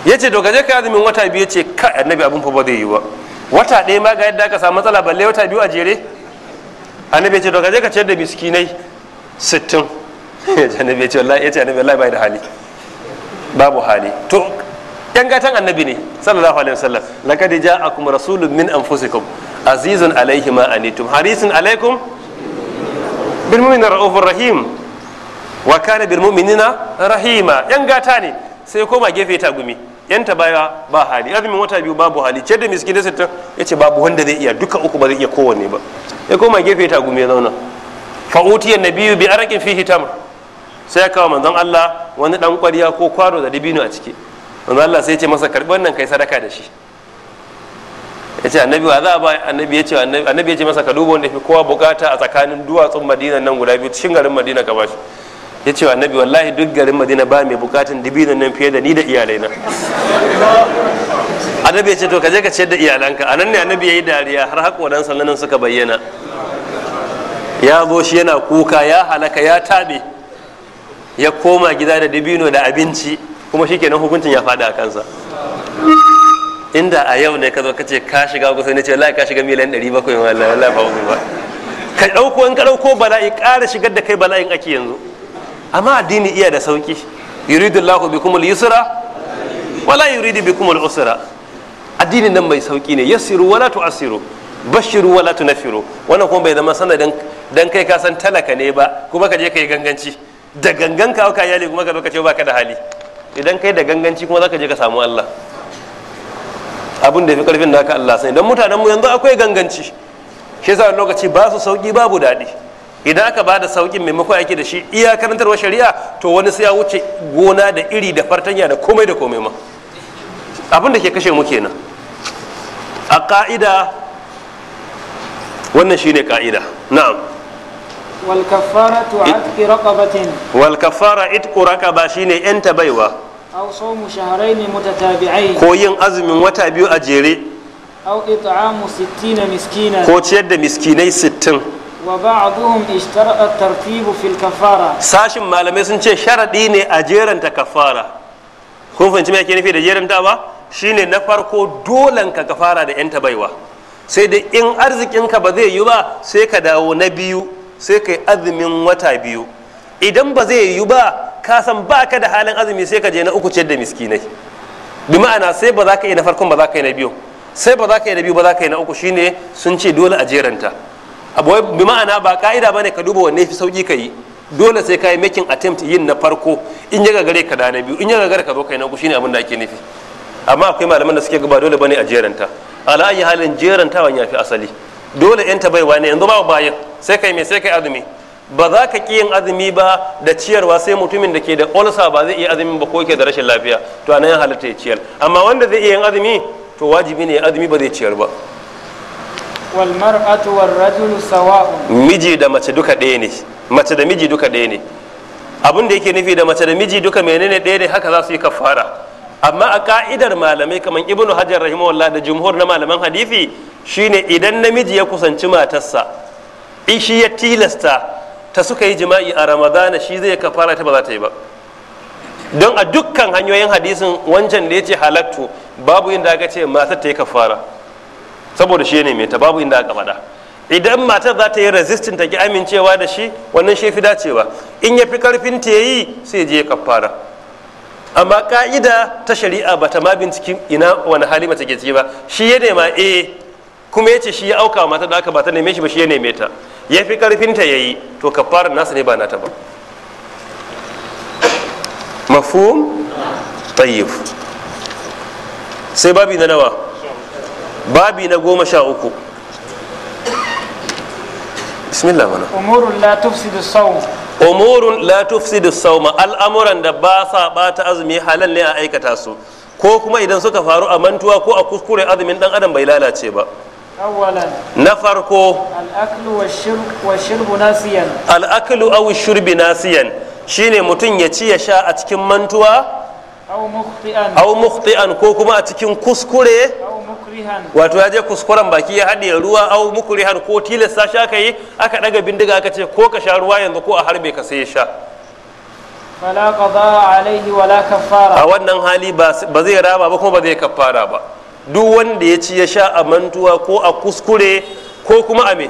ya ce to je ka yi wata biyu ce ka annabi abin fa ba zai yi ba wata ɗaya ma ga yadda aka samu matsala balle wata biyu a jere annabi ya ce to je ka ciyar da miskinai sittin annabi ya ce wallahi ya ce annabi wallahi bai da hali babu hali to yan gatan annabi ne sallallahu alaihi wasallam laqad ja'akum rasulun min anfusikum azizun alaihi ma anitum harisun alaikum bil mu'minina rahim wa kana bil mu'minina rahima yan gata ne sai koma gefe ta gumi yan ta baya ba hali azumin wata biyu babu hali ce da miskin da sitta yace babu wanda zai iya duka uku ba zai iya kowanne ba ya koma gefe ta gumi ya zauna fa utiya nabiyyu bi arqin fihi tamr sai kawo manzon Allah wani dan kwariya ko kwaro da dibino a ciki manzon Allah sai ya ce masa karbi wannan kai sadaka da shi ya ce annabi wa za a ba annabi ya ce annabi ya masa ka duba wanda fi kowa bukata a tsakanin duwatsun madina nan guda biyu cikin garin madina ka shi ya ce annabi wallahi duk garin madina ba mai bukatan dibinan nan fiye da ni da iyalaina annabi ya ce to kaje ka ce da iyalanka a nan ne annabi ya yi dariya har haƙoran sallanin suka bayyana ya zo shi yana kuka ya halaka ya taɓe ya koma gida da dibino da abinci kuma shi kenan hukuncin ya faɗi a kansa inda a yau ne ka zo ka ce ka shiga kusa ne ce wallahi ka shiga miliyan bakwai wallahi wallahi ba ba ka ɗauko in ka ɗauko bala'i ƙara shigar da kai bala'in ake yanzu amma addini iya da sauki Allahu bikum al-yusra wala yuridu bikum al-usra addini nan mai sauki ne yasiru wala Asiru, bashiru wala tunafiru wannan kuma bai zama sanadin dan kai ka san talaka ne ba kuma ka je kai ganganci da gangan ka ka yali kuma ka zo ka ce baka da hali idan kai da ganganci kuma zaka je ka samu Allah abin da fi karfin haka Allah sai dan mutanen mu yanzu akwai ganganci shi yasa lokaci ba su sauki babu daɗi idan aka ba da saukin maimakon ake da shi iya karantarwar shari'a to wani sai ya wuce gona da iri da fartanya da komai da komai ma abin da ke kashe mu kenan a ka'ida wannan shi ne ka'ida na'am wal kaffara tu'atqi raqabatin wal kaffara itqu raqaba shine yanta baiwa aw sawmu shahrayn mutatabi'ain ko yin azumin wata biyu a jere aw it'amu 60 miskina ko ciyar da miskinai sittin. wa ba'dhum ishtara at-tartib fi al sashin malamai sun ce sharadi ne a jeranta kafara kun fahimci me yake nufi da ba shine na farko dolan ka kafara da yanta baiwa sai da in arzikinka ba zai yi ba sai ka dawo na biyu sai ka azumin wata biyu idan ba zai yi ba ka san ba ka da halin azumi sai ka je na uku ciyar da miskinai bi ma'ana sai ba za ka yi na farkon ba za ka yi na biyu sai ba za ka yi na biyu ba za ka yi na uku shine sun ce dole a jeranta abu bi ma'ana ba ka'ida bane ka duba wanne fi sauki ka yi dole sai ka yi making attempt yin na farko in ya gagare ka da na biyu in ya gagare ka zo kai na uku shine abin da ake nufi amma akwai malaman da suke ba dole bane a jeranta ala ayi halin jerantawan ya fi asali dole yanta baiwa ne yanzu ba bayan sai kai me sai kai azumi ba za ka ƙi yin azumi ba da ciyarwa sai mutumin da ke da olsa ba zai iya azumi ba ko yake da rashin lafiya to anan halatta ya ciyar amma wanda zai iya yin azumi to wajibi ne ya azumi ba zai ciyar ba miji da mace duka ɗaya ne mace da miji duka ɗaya ne abin da yake nufi da mace da miji duka menene ɗaya ne haka za su yi kafara amma a ka'idar malamai kamar ibnu hajar rahimahullah da jumhur na malaman hadisi shine idan namiji ya kusanci matarsa shi ya tilasta ta suka yi jima'i a ramadana shi zai kafara ta ba za ta yi ba don a dukkan hanyoyin hadisin wancan da ya ce halattu babu yin da aka ce matar ta yi kafara saboda shi ne mai ta babu inda aka faɗa idan matar za ta yi resistin ta ki amincewa da shi wannan shi fi dacewa in ya fi karfin ta yi sai je kafara amma ka'ida ta shari'a ba ta ma binciki ina wani hali mace ke ciki ba shi ya nema eh kuma ya ce shi ya auka mata da aka ba ta neme shi ba shi ya neme ta ya fi karfin ta yayi to kafara nasa ne ba nata ba mafhum tayyib sai babi na nawa babi na goma sha uku bismillah mana umurun la tufsidu sauma. umurun la tufsidu al'amuran da ba sa bata azumi halal ne a aikata su ko kuma idan suka faru a mantuwa ko a kuskure azumin dan adam bai lalace ba na farko al'aklu a shurbi nasiyan shine mutum ya ci ya sha a cikin mantuwa au mukhti'an ko kuma a cikin kuskure wato ya je kuskuren baki ya haɗe ruwa au mukrihan ko tilasta sha ka yi aka ɗaga bindiga aka ce ko ka sha ruwa yanzu ko a harbe ka sai sha fala qada alaihi wala kaffara a wannan hali ba zai raba ba kuma ba zai kaffara ba duk wanda ya ci ya sha a mantuwa ko a kuskure ko kuma a me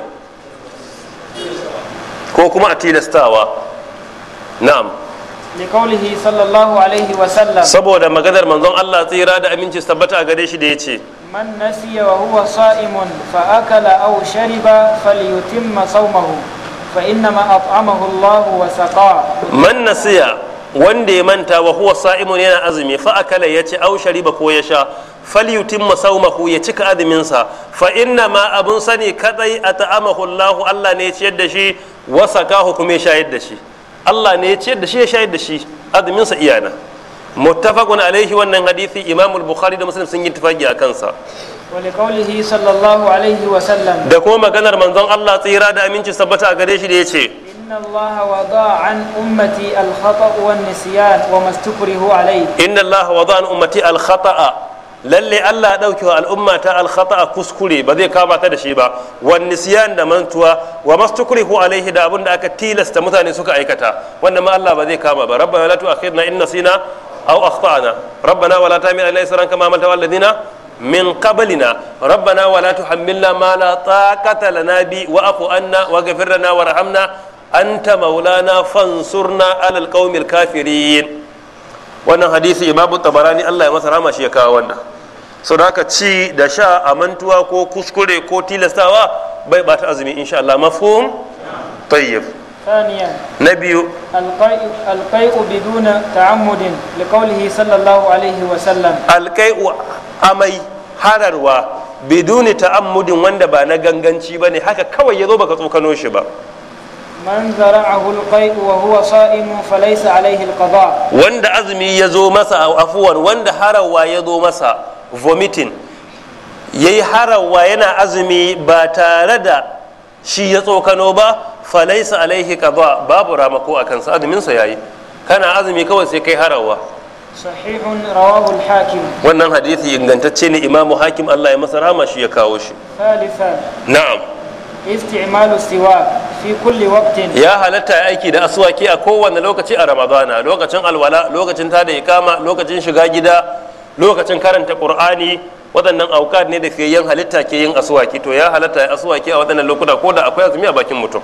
ko kuma a tilastawa na'am sallallahu alaihi wa sallam saboda maganar manzon Allah tsira da aminci tabbata a gare shi da yace من نسي وهو صائم فأكل أو شرب فليتم صومه فإنما أطعمه الله وسقاه من نسي wanda ya manta wa huwa sa'imun yana azumi fa akala ya ci au shariba ko ya sha falyutimma saumahu ya cika azumin sa fa inna ma abun sani kadai ata'amahu Allah Allah ne ya ciyar da shi wa sakahu kuma ya shayar da shi Allah ne ya ciyar da shi ya shayar da shi azumin sa iyana muttafaqun alaihi wannan hadisi imamu bukhari da muslim sun yi tufagi a kansa da kuma maganar manzon Allah tsira da aminci sabbata a gare shi da yace inna Allah wada an ummati al-khata' wan nisyan wa mastukrihu alayhi inna Allah wada an ummati al lalle Allah ɗauke wa al'umma ta alkhata a kuskure ba zai kama ta da shi ba wan nisyan da mantuwa wa mastukrihu alaihi da abin da aka tilasta mutane suka aikata wannan ma Allah ba zai kama ba rabbana la tu'akhidna in nasina aw akhtana rabbana wala tahmil alaina isran kama hamalta ala alladhina min qablina rabbana wala tuhammilna ma la taqata lana bi wa'fu anna waghfir lana warhamna anta maulana fansurna ala alqaumil kafirin wannan hadisi imamu tabarani Allah ya masa rama shi ya kawo wannan sau da ci da sha amantuwa ko kuskure ko tilastawa bai bata azumi insha Allah mafhum tayyib ثانيا نبي القيء بدون تعمد لقوله صلى الله عليه وسلم القيء أمي هرروا بدون تعمد wanda ba na ganganci bane haka kawai yazo baka tsokano shi ba man zara'ahu alqai wa huwa sa'im falaysa alayhi alqada wanda azumi yazo masa afuwan wanda harawa yazo masa vomiting yayi hararwa yana azumi ba tare da shi ya tsokano ba falaisa alaihi kaza babu ramako a kansa azumin sa yayi kana azumi kawai sai kai harawa sahihun rawahu al wannan hadisi ingantacce ne imamu hakim Allah ya masa rahama shi ya kawo shi na'am isti'malu siwak fi kulli waqtin ya halatta ya aiki da aswaki a kowane lokaci a ramadana lokacin alwala lokacin tada ikama lokacin shiga gida lokacin karanta qur'ani waɗannan aukat ne da yin halitta ke yin aswaki to ya halatta ya aswaki a waɗannan lokuta ko da akwai azumi a bakin mutum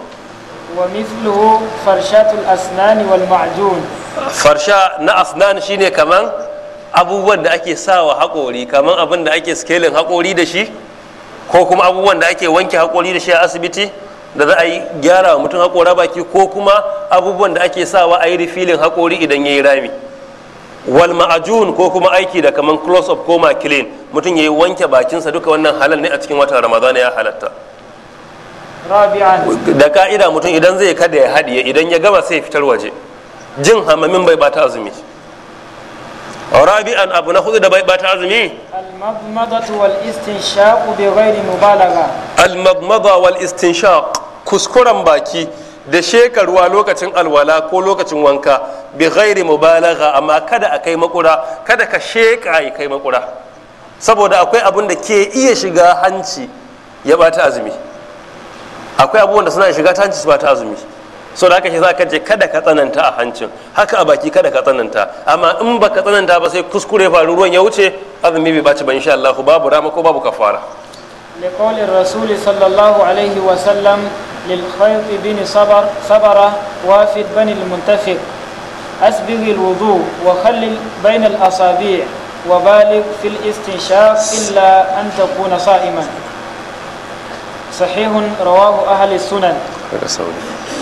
ومثله فرشاة الأسنان والمعجون فرشاة نا شيني كمان abubuwan da ake sawa haƙori kamar abin da ake skelin haƙori da shi ko kuma abubuwan da ake wanke haƙori da shi a asibiti da za a yi gyara wa mutum haƙora baki ko kuma abubuwan da ake sawa a yi rifilin haƙori idan ya yi rami wal ma'ajun ko kuma aiki da kamar close up ko makilin mutum ya yi wanke bakinsa duka wannan halal ne a cikin watan ramadana ya halatta da ka'ida mutum idan zai kada ya haɗiye idan ya gama sai fitar waje jin hamamin bai bata azumi rabi'an abu na hudu da bai bata azumi al wal istinshaq kuskuren baki da shekaruwa lokacin alwala ko lokacin wanka bi ghairi mubalagha amma kada a kai makura kada ka sheka ya kai makura saboda akwai abun da ke iya shiga hanci ya bata azumi akwai abubuwan da suna shiga ta hanci su ba ta azumi so da haka shi za ka je kada ka tsananta a hancin haka a baki kada ka tsananta amma in ba ka tsananta ba sai kuskure faru ruwan ya wuce azumi bai baci ba insha Allah babu rama ko babu kafara لقول الرسول صلى الله عليه وسلم للخيط بن صبر صبرة وافد بن المنتفق أسبغ الوضوء وخلل بين الأصابع وبالغ في الاستنشاق إلا أن تكون صائما sahihun rawahu ahli sunan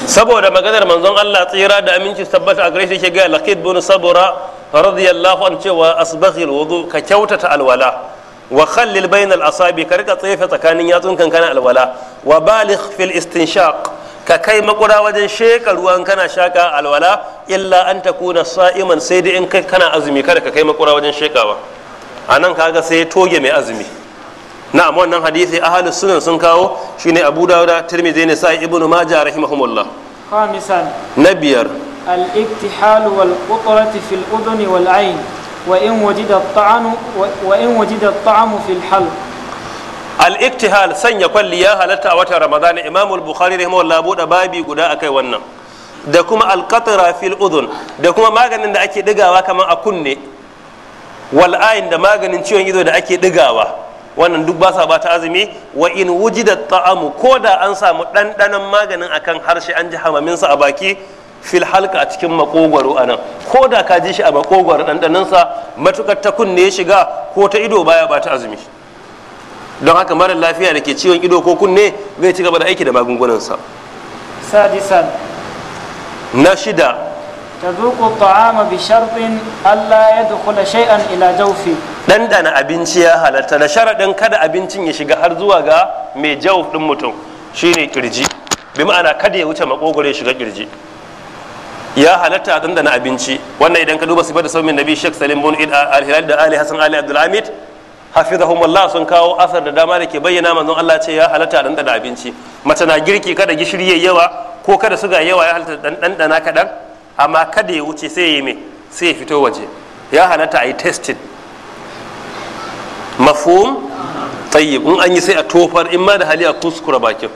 saboda maganar manzon Allah tsira da aminci tabbata a gare shi ke ga laqid bin sabura radiyallahu an cewa asbaghil wudu ka kyautata alwala wa khallil bainal asabi ka rika tsefe tsakanin yatsun kankana alwala wa baligh fil istinshaq ka kai makura wajen sheka ruwan kana shaka alwala illa an ta kuna sa'iman sai da in kai kana azumi kada ka kai makura wajen shekawa a kaga sai toge mai azumi na'am wannan hadisi ahli sunan sun kawo shine abu dawuda tirmidhi ne sai ibnu majah rahimahumullah khamisan na biyar al ibtihal wal qutrati fil udhun wal ayn wa in wajida at-ta'am wa in wajida at-ta'am fil hal al ibtihal sanya kwalliya ya halatta a watan ramadan imam al-bukhari rahimahullah buɗe babi guda akai wannan da kuma al-qatra fil udhun da kuma maganin da ake digawa kaman a kunne wal ayn da maganin ciwon ido da ake digawa wannan duk ba sa ba ta azumi wa in wujida ta'amu ko da an samu ɗanɗanon maganin akan harshe an ji hamaminsa a baki fil halka a cikin makogwaro a nan ko da ka ji shi a makogwaro ɗanɗanonsa matukar ta kunne ya shiga ko ta ido baya ba ta azumi don haka marar lafiya da ke ciwon ido ko kunne zai ci gaba da aiki da magungunansa sadisan na shida tazuku ta'ama bi shartin alla yadkhula shay'an ila jawfi dandana abinci ya halatta da sharadin kada abincin ya shiga har zuwa ga mai jawf din mutum shine kirji bi ma'ana kada ya wuce makogoro ya shiga kirji ya halatta a dandana abinci wannan idan ka duba sifar da saumin nabi shek Salim bin Id al-Hilal da Ali hasan Ali Abdul hafizahumullah sun kawo asar da dama da ke bayyana manzon Allah ce ya halatta dandana abinci mace na girki kada gishiri yayi yawa ko kada suga yawa ya halatta dandana kadan amma kada ya wuce sai ya yi sai ya fito waje ya halatta a yi testing mafum tsayi in an yi sai a tofar in ma da hali a kuskura bakin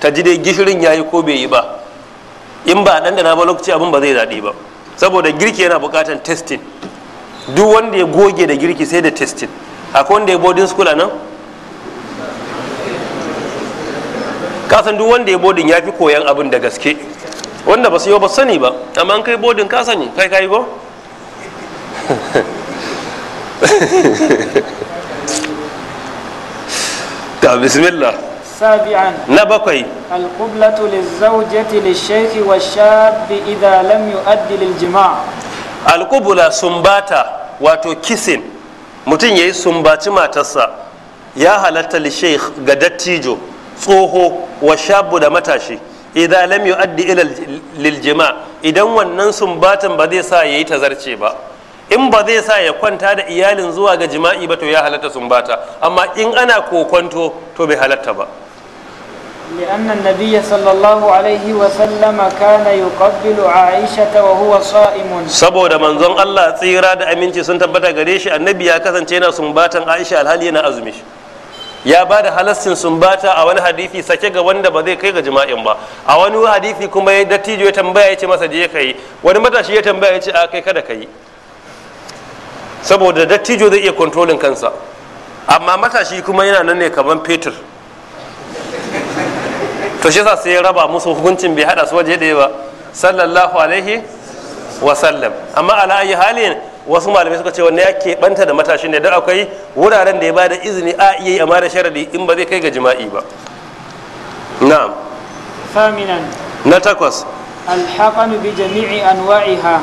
ta ji dai gishirin ya yi ko bai yi ba in ba a dandana ba lokaci abin ba zai daɗi ba saboda girki yana buƙatar testing duk wanda ya goge da girki sai da testing akwai wanda ya boarding school nan kasan duk wanda ya boarding ya fi koyan abin da gaske wanda ba su yi ba sani ba amma an kai bodin ka sani kai kai go ta bismillah sabi'an na bakwai alqublatu lizawjati lishayhi wa shabbi idha lam yu'addi liljima' alqubla sumbata wato kissing mutum yayi sumbaci matarsa ya halatta lishayh ga dattijo tsoho wa shabbu da matashi idza lam yu'addi ila idan wannan sumbatan ba zai sa yayi tazarce ba in ba zai sa ya kwanta da iyalin zuwa ga jima'i ba to ya halatta sumbata amma in ana kokonto to bai halatta ba لأن النبي صلى الله عليه وسلم كان يقبل عائشة وهو صائم سبو saboda manzon Allah tsira da aminci sun tabbata gare shi annabi ya kasance yana sumbatan Aisha alhali yana azumi ya ba da halassin sumbata a wani hadisi sake ga wanda ba zai kai ga jima'in ba a wani hadisi kuma ya dattijo ya tambaya ya ce masa je ka wani matashi ya tambaya ya ce a kai kada ka yi saboda dattijo zai iya kontrolin kansa amma matashi kuma yana nan ne kaman fetur to shi sai ya raba musu hukuncin bai hada su waje da ba sallallahu alaihi wa sallam amma ala ayi halin wasu malamai suka ce wanne ya keɓanta da matashin ne don akwai wuraren da ya bada izini a iya yi amma da sharadi in ba zai kai ga jima'i ba na faminan na takwas alhaƙan bi jami'i anwa'iha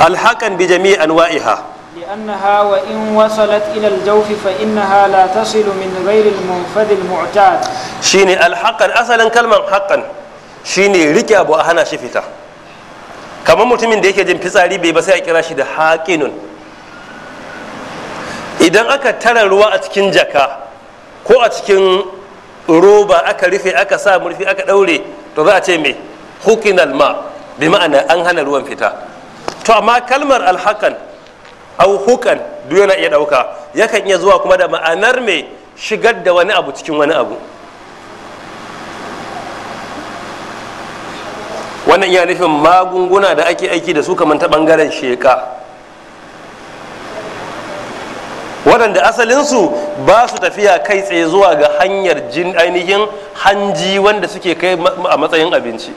alhaƙan bi jami'i anwa'iha li'annaha wa in wasalat ilal aljawfi fa innaha la tasilu min ghairi almunfadi almu'tad shine alhaqan asalan kalman haqqan shine rike abu a hana shi fita kamar mutumin da yake jin fitsari bai ba sai a kira shi da haƙinun idan aka tara ruwa a cikin jaka ko a cikin roba aka rufe aka sa murfi aka ɗaure to za a ce mai hukin ma bi ma'ana an hana ruwan fita to amma kalmar alhakan au hukan duk yana iya ɗauka yakan iya zuwa kuma da ma'anar mai shigar da wani abu cikin wani abu wannan iya nufin magunguna da ake aiki da su kamar ta bangaren sheka waɗanda asalinsu ba su tafiya kai tsaye zuwa ga hanyar jin ainihin hanji wanda suke kai a matsayin abinci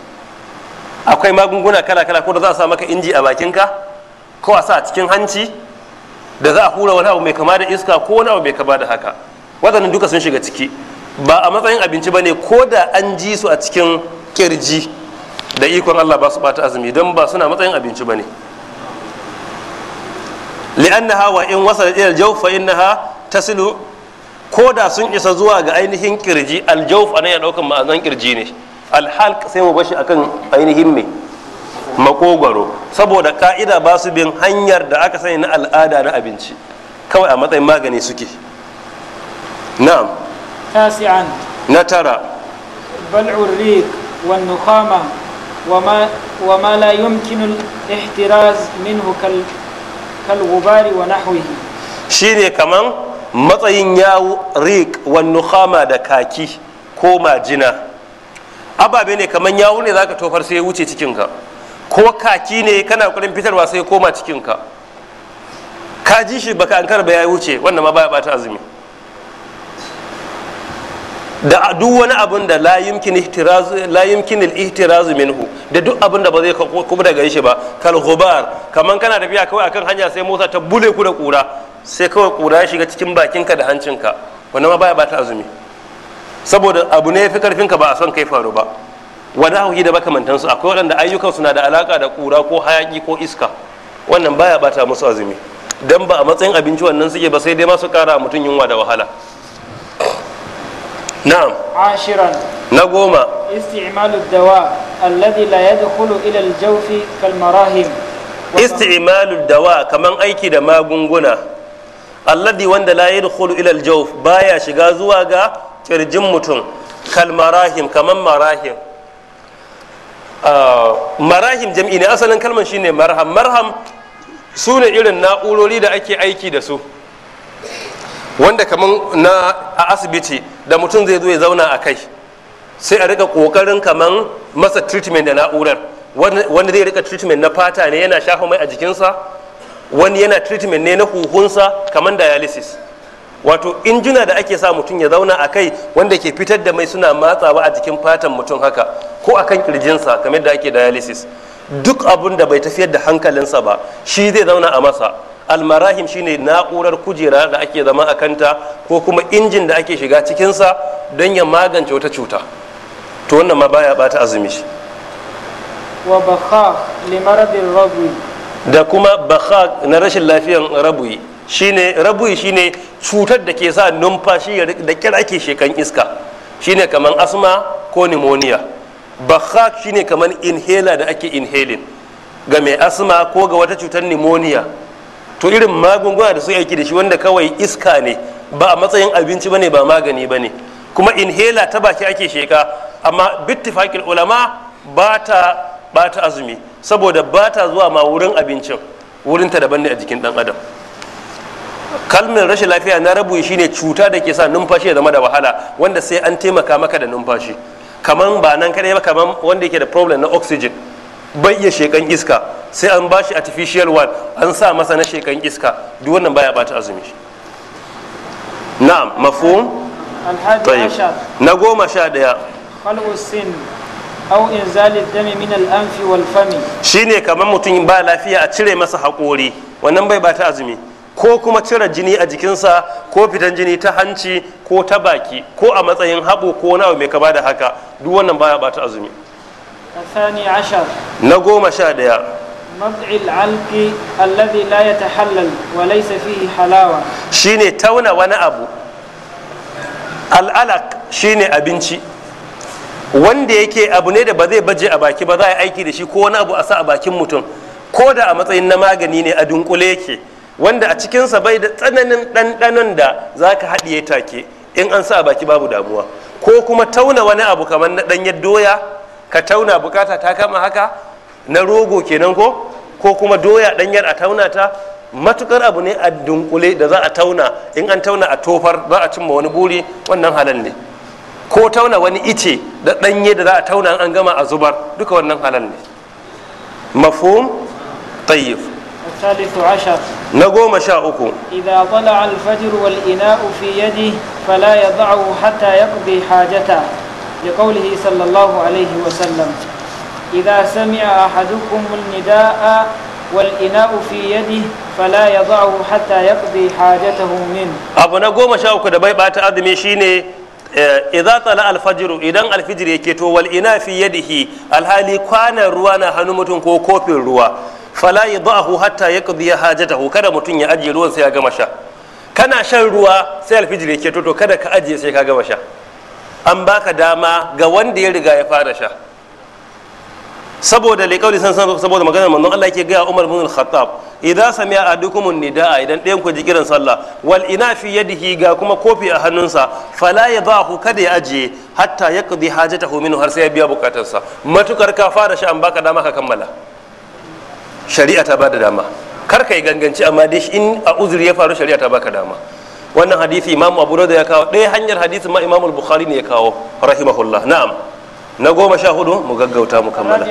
akwai magunguna kala-kala ko da za a sa maka inji a bakinka ko a sa a cikin hanci da za a hura wani abu mai kama da iska ko wani abu mai kama da haka waɗannan duka sun shiga ciki ba a matsayin abinci ba ne ko da an ji su a cikin kirji da ikon Allah ba su bata azumi don ba suna matsayin abinci ba ne li'annaha hawa in wasa ila aljawf fa innaha tasilu ko da sun isa zuwa ga ainihin kirji aljawf anan ya daukan ma'azan kirji ne alhalq sai mu bashi akan ainihin me makogwaro saboda ka'ida ba su bin hanyar da aka sani na al'ada na abinci kawai a matsayin magani suke na'am tasi'an na tara bal'ur wan nukhama وما, وما لا يمكن الاحتراز منه كالغبار ونحوه شيني كمان matsayin yawo rik wannan khama da kaki ko majina ababe ne kamar yawo ne zaka tofar sai ya wuce cikinka ko kaki ne kana kudin fitarwa sai ya koma cikinka ka ji shi baka ankar ba ya wuce wannan ma baya bata azumi da duk wani abin da la yumkin ihtirazu minhu da duk abin da ba zai kuma daga shi ba kal ghubar kaman kana tafiya kawai akan hanya sai musa ta bule ku da kura sai kawai kura ya shiga cikin bakinka da hancinka wannan ma baya bata azumi saboda abu ne fi karfinka ba a son kai faru ba wani hauki da baka su akwai waɗanda ayyukan suna da alaka da kura ko hayaki ko iska wannan baya bata musu azumi dan ba a matsayin abinci wannan suke ba sai dai ma su kara mutum yunwa da wahala na'am na goma isti'malu dawa alladhi la yadkhulu ila al-jawfi kal marahim isti'malu dawa kaman aiki da magunguna alladhi wanda la yadkhulu ila al-jawf baya shiga zuwa ga ƙirjin mutum kal marahim kaman marahim ah, marahim jam'i asalin kalmar shine marham marham su ne irin na'urori da ake aiki da su wanda kaman na a asibiti da mutum zai zo ya zauna a kai sai a rika kokarin kamar masa treatment da na'urar wanda zai rika treatment na fata ne yana shafa mai a jikinsa wani yana treatment ne na huhunsa kamar dialysis wato injina da ake sa mutum ya zauna a kai wanda ke fitar da mai suna matsawa a jikin fatan mutum haka ko a kan kirjinsa kamar da ake dialysis duk abun da bai tafiyar da hankalinsa ba shi zai zauna a masa almarahim shine na'urar kujera da ake zama a kanta ko kuma injin da ake shiga cikinsa don ya magance wata cuta to wannan ma baya bata azumi shi wa bakha da kuma bakha na rashin lafiyan rabui shine rabui shine cutar da ke sa numfashi da kira ake shekan iska shine kaman asma ko pneumonia bakha shine kamar inhaler da ake inhaling ga mai asma ko ga wata cutar pneumonia to irin magunguna da su aiki da shi wanda kawai iska ne ba a matsayin abinci bane ba magani bane kuma inhaler ta baki ake sheka amma bittifakil ulama ba ta ba ta azumi saboda ba ta zuwa ma wurin abincin wurin ta daban ne a jikin dan adam kalmar rashin lafiya na rabu shi ne cuta da ke sa numfashi ya zama da wahala wanda sai an taimaka maka da numfashi kaman ba nan kadai ba kaman wanda yake da problem na oxygen bai iya shekan iska sai an ba shi artificial one an sa masa na shekan iska duk wannan baya bata azumi shi na'am mafhum tayyib na goma sha daya sin aw inzal ad-dami min al-anf wal fami shine kaman mutum ba lafiya a cire masa hakori wannan bai bata azumi ko kuma cire jini a jikinsa ko fitan jini ta hanci ko ta baki ko a matsayin habo ko wani abu mai kaba da haka duk wannan baya bata azumi na goma sha ɗaya. مضع العلق الذي لا يتحلل وليس فيه حلاوة شيني wanda yake abu ne da ba zai baje a baki ba za a yi aiki da shi ko wani abu a sa a bakin mutum ko da a matsayin na magani ne a dunkule yake wanda a cikinsa bai da tsananin ɗanɗanon da za ka haɗiye take in an sa a baki babu damuwa ko kuma tauna wani abu kamar na ɗanyar doya ka tauna bukata ta kama haka na rogo kenan ko ko kuma doya danyar a tauna ta matukar abu ne a dunkule da za a tauna in an tauna a tofar za a cimma wani buri wannan halal ne ko tauna wani ice da danye da za a tauna an gama a zubar duka wannan halal ne mafhum tayyib sha uku idan zala إذا طلع الفجر والإناء في ya فلا يضعه hatta يقضي hajata. لقوله صلى الله عليه وسلم إذا سمع أحدكم النداء والإناء في يده فلا يضعه حتى يقضي حاجته منه أبو نقوم شاوك دبي بات أدمي شيني إذا طلع الفجر إذا الفجر يكتو والإناء في يده الهالي كان روانا هنمتن كو كوبي الروا فلا يضعه حتى يقضي حاجته كذا متن يأجي روان سيا غمشا kana shan ruwa sai alfijir ya keto to kada ka ajiye sai ka gama sha an baka dama ga wanda ya riga ya fara sha saboda liƙauli san san saboda maganar manzon Allah yake ga Umar bin Al-Khattab idan sami'a adukum nidaa idan ɗayan ku ji kiran sallah wal ina fi yadihi ga kuma kofi a hannunsa fala ya yadahu kada ya ajiye hatta yaqdi hajatahu minhu har sai ya biya bukatarsa matukar ka fara sha an baka dama ka kammala shari'a ta bada dama kar kai ganganci amma dai in a uzuri ya faru shari'a ta baka dama wannan hadisi imamu abu da ya kawo ɗaya hanyar hadisi ma imamu bukhari ne ya kawo rahimahullah na'am na goma sha hudu mu gaggauta mu kammala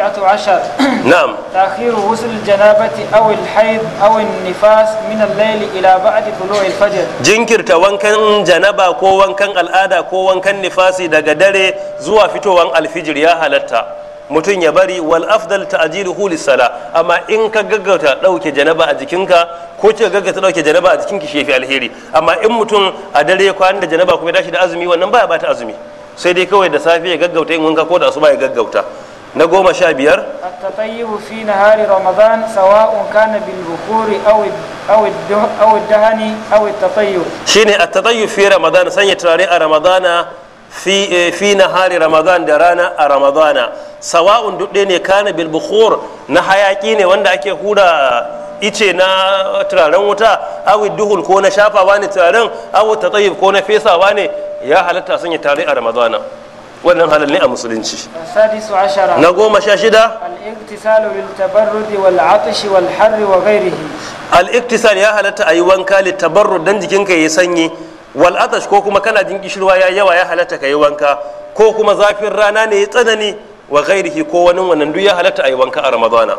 na'am ta'khir wusul janabati aw al hayd aw an nifas min al layl ila ba'd tulu'i al fajr jinkirta wankan janaba ko wankan al'ada ko wankan nifasi daga dare zuwa fitowan alfijir ya halatta mutum ya bari wal afdal ta'jiluhu lis-sala amma in ka gaggauta dauke janaba a jikinka ko ki gaggauta dauke janaba a jikinki shefi alheri amma in mutum a dare kwana da janaba kuma ya tashi da azumi wannan baya bata azumi sai dai kawai da safe ya gaggauta in wanka ko da asuba ya gaggauta na goma sha biyar at-tatayyu fi nahari ramadan sawa'un kana bil bukhuri aw aw ad-dahani aw at-tatayyu shine at-tatayyu fi ramadan sanya turare a ramadana fi eh, na hari ramadan da rana a ramadana sawa'un dudde ne kana bil bukhur na hayaki ne wanda ake hura ice na turaren wuta awi duhul ko na shafawa ne turaren awi ta ko na fesawa ne ya halatta sun yi tare a ramadana wannan halal ne a musulunci na goma sha shida al-iktisal ya halatta a yi wanka littabarru dan jikinka ya sanyi wal atash ko kuma kana jin kishirwa ya yawa ya halatta ka yi wanka ko kuma zafin rana ne ya tsanani wa ghairihi ko wani wannan duk ya halatta a yi wanka a ramadana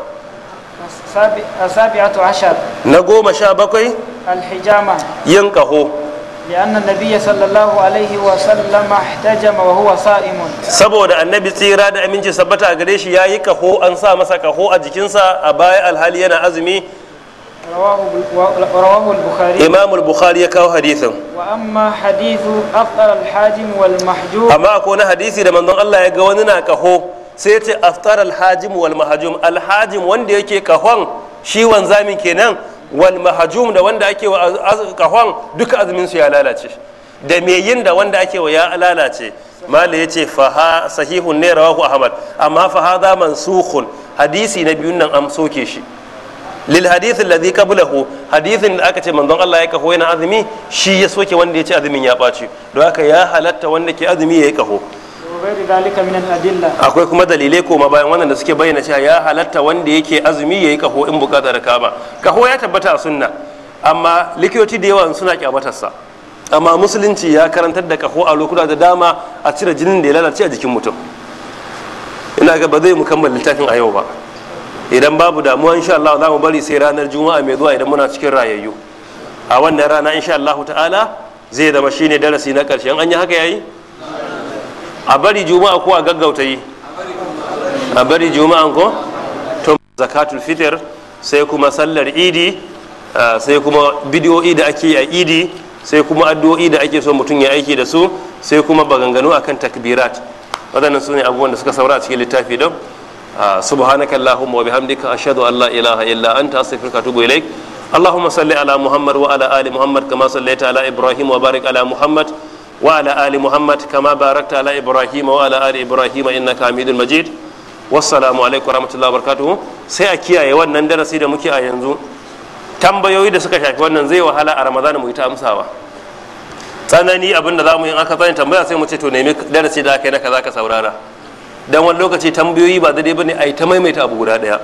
na goma sha bakwai alhijama yin kaho لأن النبي صلى الله عليه وسلم احتجم وهو صائم saboda annabi tsira da aminci sabbata a gare shi yayi kaho an sa masa kaho a jikinsa a baya alhali yana azumi rawahu imam al-bukhari ya kawo hadisin amma ko na hadisi da manzon Allah ya ga wani na kaho sai ce aftar al-hajim wal mahjum al-hajim wanda yake kahon shi wanzamin kenan wal mahjum da wanda ake wa kahon duka azumin su ya lalace da me yin da wanda ake wa ya lalace mala yace fa sahihun ne rawahu ahmad amma fa hadha mansukhun hadisi na biyun nan am soke shi lil hadith alladhi qablahu hadithin da aka ce manzon Allah ya kaho yana azumi shi ya soke wanda ya ce azumin ya baci don haka ya halatta wanda ke azumi ya yi kaho akwai kuma dalilai koma bayan wannan da suke bayyana cewa ya halatta wanda yake azumi ya yi kaho in bukatar kaba. kaho ya tabbata a sunna amma likitoci da yawa suna sa amma musulunci ya karantar da kaho a lokuta da dama a cire jinin da ya lalace a jikin mutum ina ga ba zai mu kammala littafin a yau ba idan babu damuwa insha Allah za mu bari sai ranar juma'a mai zuwa idan muna cikin rayayyu a wannan rana insha Allah ta'ala zai zama shine darasi na karshe an yi haka yayi a bari juma'a ko a gaggauta yi a bari juma'an ko to zakatul fitr sai kuma sallar idi sai kuma bidiyo'i da ake yi a idi sai kuma addu'o'i da ake so mutum ya aiki da su sai kuma baganganu akan takbirat waɗannan su ne abubuwan da suka saura a cikin littafi don سبحانك اللهم وبحمدك bihamdika ashhadu لا la ilaha illa anta astaghfiruka wa اللهم صل على محمد وعلى ال محمد كما صليت على ابراهيم وبارك على محمد وعلى ال محمد كما باركت على ابراهيم وعلى ال ابراهيم انك حميد مجيد والسلام عليكم ورحمه الله وبركاته sai a kiyaye wannan darasi da muke a yanzu tambayoyi da suka shafi wannan zai wahala a ramadana mu yi ta amsawa tsanani abinda za mu yi aka tsani tambaya sai mu ce to nemi darasi da aka yi na kaza ka saurara dan wani lokaci tambayoyi ba daidai bane yi ta maimaita abu guda daya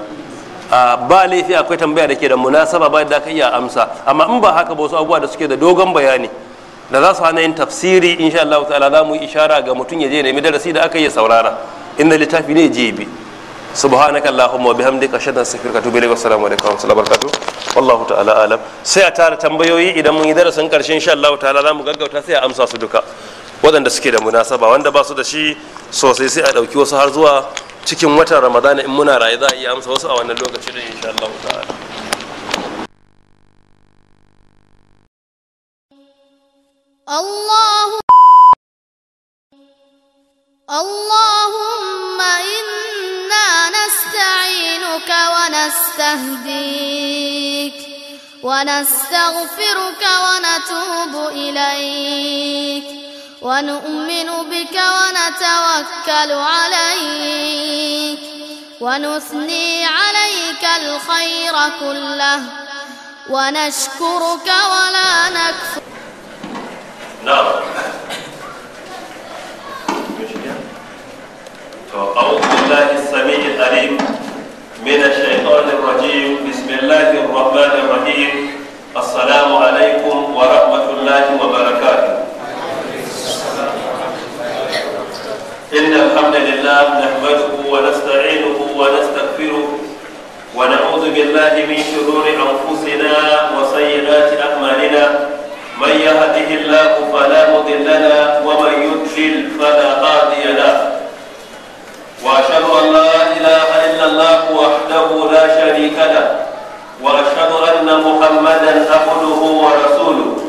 ba laifi akwai tambaya da ke da munasaba ba da ka iya amsa amma in ba haka ba wasu abubuwa da suke da dogon bayani da za su hana yin tafsiri insha Allah ta'ala za mu yi ishara ga mutum ya je nemi darasi da aka yi saurara inna littafi ne je bi subhanaka allahumma wa bihamdika ashhadu an tubi ilaha salamu anta assalamu alaikum wa rahmatullahi wallahu ta'ala alam sai a tara tambayoyi idan mun yi darasin karshe insha Allah ta'ala za mu gaggauta sai a amsa su duka waɗanda suke da munasaba wanda ba su da shi sosai sai a ɗauki wasu har zuwa cikin watan ramadana in muna raye za a iya amsa wasu a wannan lokaci da insha Allah ta'ala اللهم إنا نستعينك ونستهديك ونستغفرك ونتوب إليك ونؤمن بك ونتوكل عليك ونثني عليك الخير كله ونشكرك ولا نكفر نعم أعوذ بالله السميع العليم من الشيطان الرجيم بسم الله الرحمن الرحيم السلام عليكم ورحمة الله وبركاته إن الحمد لله نحمده ونستعينه ونستغفره ونعوذ بالله من شرور أنفسنا وسيئات أعمالنا من يهده الله فلا مضل له ومن يضلل فلا هادي له وأشهد أن لا إله إلا الله وحده لا شريك له وأشهد أن محمدا عبده ورسوله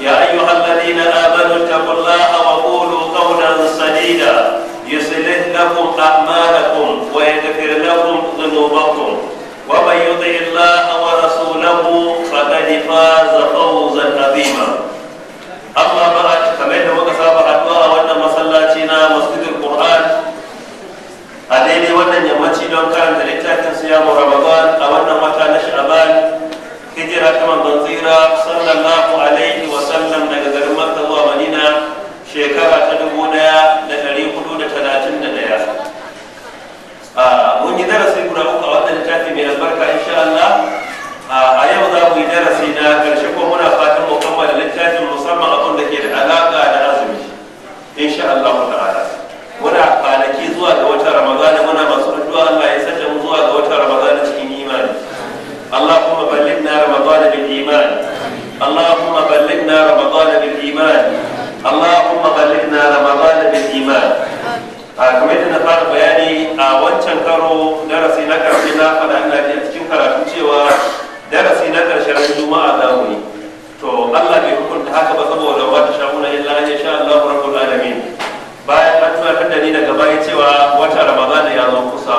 يا أيها الذين آمنوا اتقوا الله وقولوا قولا سديدا يصلح لكم أعمالكم ويغفر لكم ذنوبكم ومن يطع الله ورسوله فقد فاز فوزا عظيما أما بعد كما أنه كسب حدوى وأن مسلاتنا مسجد القرآن أديني وأن يمتي لو كان لتاكسيام رمضان mun yi darasi guda uku a wannan littafi mai albarka insha Allah a yau za mu yi darasi na karshe ko muna fatan mu kammala littafin musamman abin da ke da alaka da azumi insha Allah ta'ala muna kwanaki zuwa ga wata ramadana muna masu addu'a Allah ya sanya mu zuwa ga wata ramadana cikin imani اللهم بلغنا رمضان بالإيمان اللهم بلغنا رمضان بالإيمان اللهم بلغنا رمضان iman. a kamar yadda na fara bayani a wancan karo darasi na karshe na faɗa ina a cikin karatu cewa darasi na karshe ran juma'a za mu yi to Allah bai hukunta haka ba saboda wata shaguna illa an sha Allah rabbul alamin bayan an tunatar da ni daga baya cewa wata ramadana ya zo kusa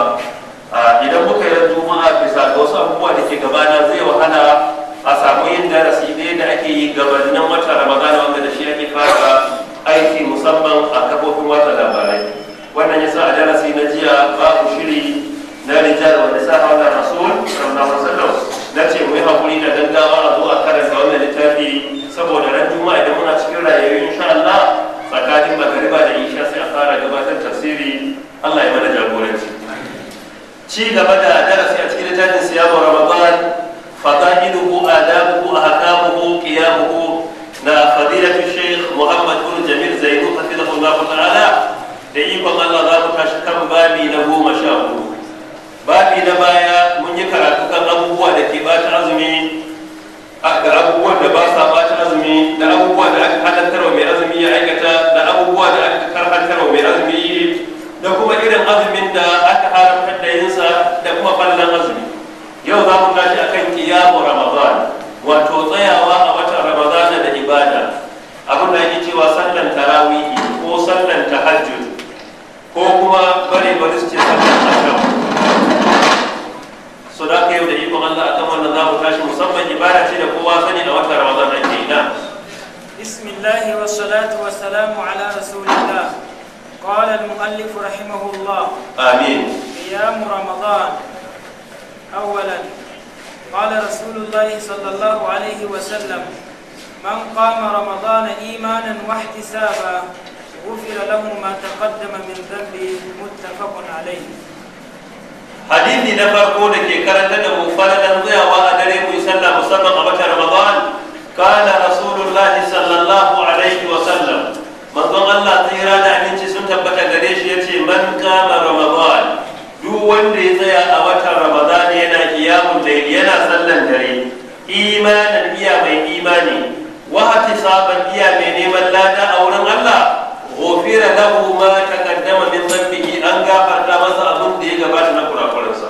idan muka yi juma'a bisa ga wasu abubuwa da ke gabana zai wahala a samu yin darasi ɗaya da ake yi gabanin wata ramadana wanda da shi ake fara aiki musamman a kafofin wata labarai wannan yasa a darasi na jiya babu shiri na rijal wanda sa hawa rasul sallallahu alaihi wasallam na ce mu yi hakuri da gaggawa a zo a karanta wannan littafi saboda ran juma'a idan muna cikin rayuwa insha Allah tsakanin magariba da isha sai a fara gabatar tafsiri Allah ya mana jagoranci ci gaba da darasi a cikin littafin siyamu ramadan فقائده آدابه أحكامه قيامه لا فضيلة الشيخ محمد بن جميل زينو حفظه الله تعالى da ikon Allah za mu tashi kan babi na goma sha hudu babi na baya mun yi karatu kan abubuwa da ke bata azumi da abubuwan da ba sa bata azumi da abubuwa da aka halartarwa mai azumi ya aikata da abubuwa da aka karhantarwa mai azumi da kuma irin azumin da aka haramta da yinsa da kuma fallan azumi yau za mu tashi akan kiyamu ramadan wato tsayawa a watan ramadana da ibada abin da ake cewa sallan tarawih ko kuma bare bare su ce sallar asram so da ka yau da ikon Allah akan wannan za mu tashi musamman ibada ce da kowa sani a watan Ramadan ake yi na bismillah wa salatu wa salamu ala rasulillah قال المؤلف رحمه الله آمين قيام رمضان أولا قال رسول الله صلى الله عليه وسلم من قام رمضان إيمانا واحتسابا غفر له ما تقدم من ذنبه متفق عليه hadisi na farko da ke karanta da mu falalan tsayawa a dare mu sallah musamman a watan ramadan kana rasulullah sallallahu alaihi wa sallam manzon Allah tsira da aminci sun tabbata gare shi yace man kama ramadan duk wanda ya tsaya a watan ramadan yana qiyamul layl yana sallan dare imanan mai imani wa sabon iya mai neman lada a wurin kira lahu ma taqaddama min dhanbihi an gafarta masa abin da ya gabata na kurakuransa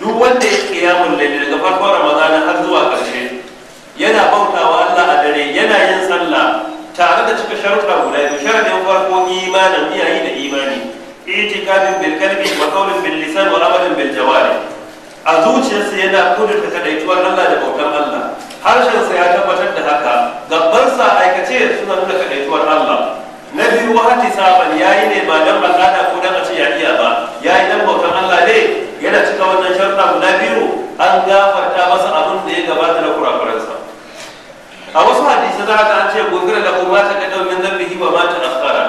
duk wanda ya qiyamul layl daga farkon ramadana har zuwa karshe yana bautawa Allah a dare yana yin sallah tare da cika sharuɗa guda biyu sharuɗin farko imanin iyayi da imani itikadin bil kalbi wa qawlin bil lisan wa amalin bil jawari a zuciyarsa yana da kadaituwar Allah da bautar Allah harshensa ya tabbatar da haka gabansa aikace suna nuna kadaituwar Allah na biyu wahati saban yi ne ba dan al'ada ko dan a ce ya iya ba yi don bautan Allah ne yana cika wannan sharta guda biyu an gafarta masa abin da ya gabata na kurakuransa a wasu hadisi za ka an ce gobira da kuma ta kaɗa min bihi ba mata ta akhara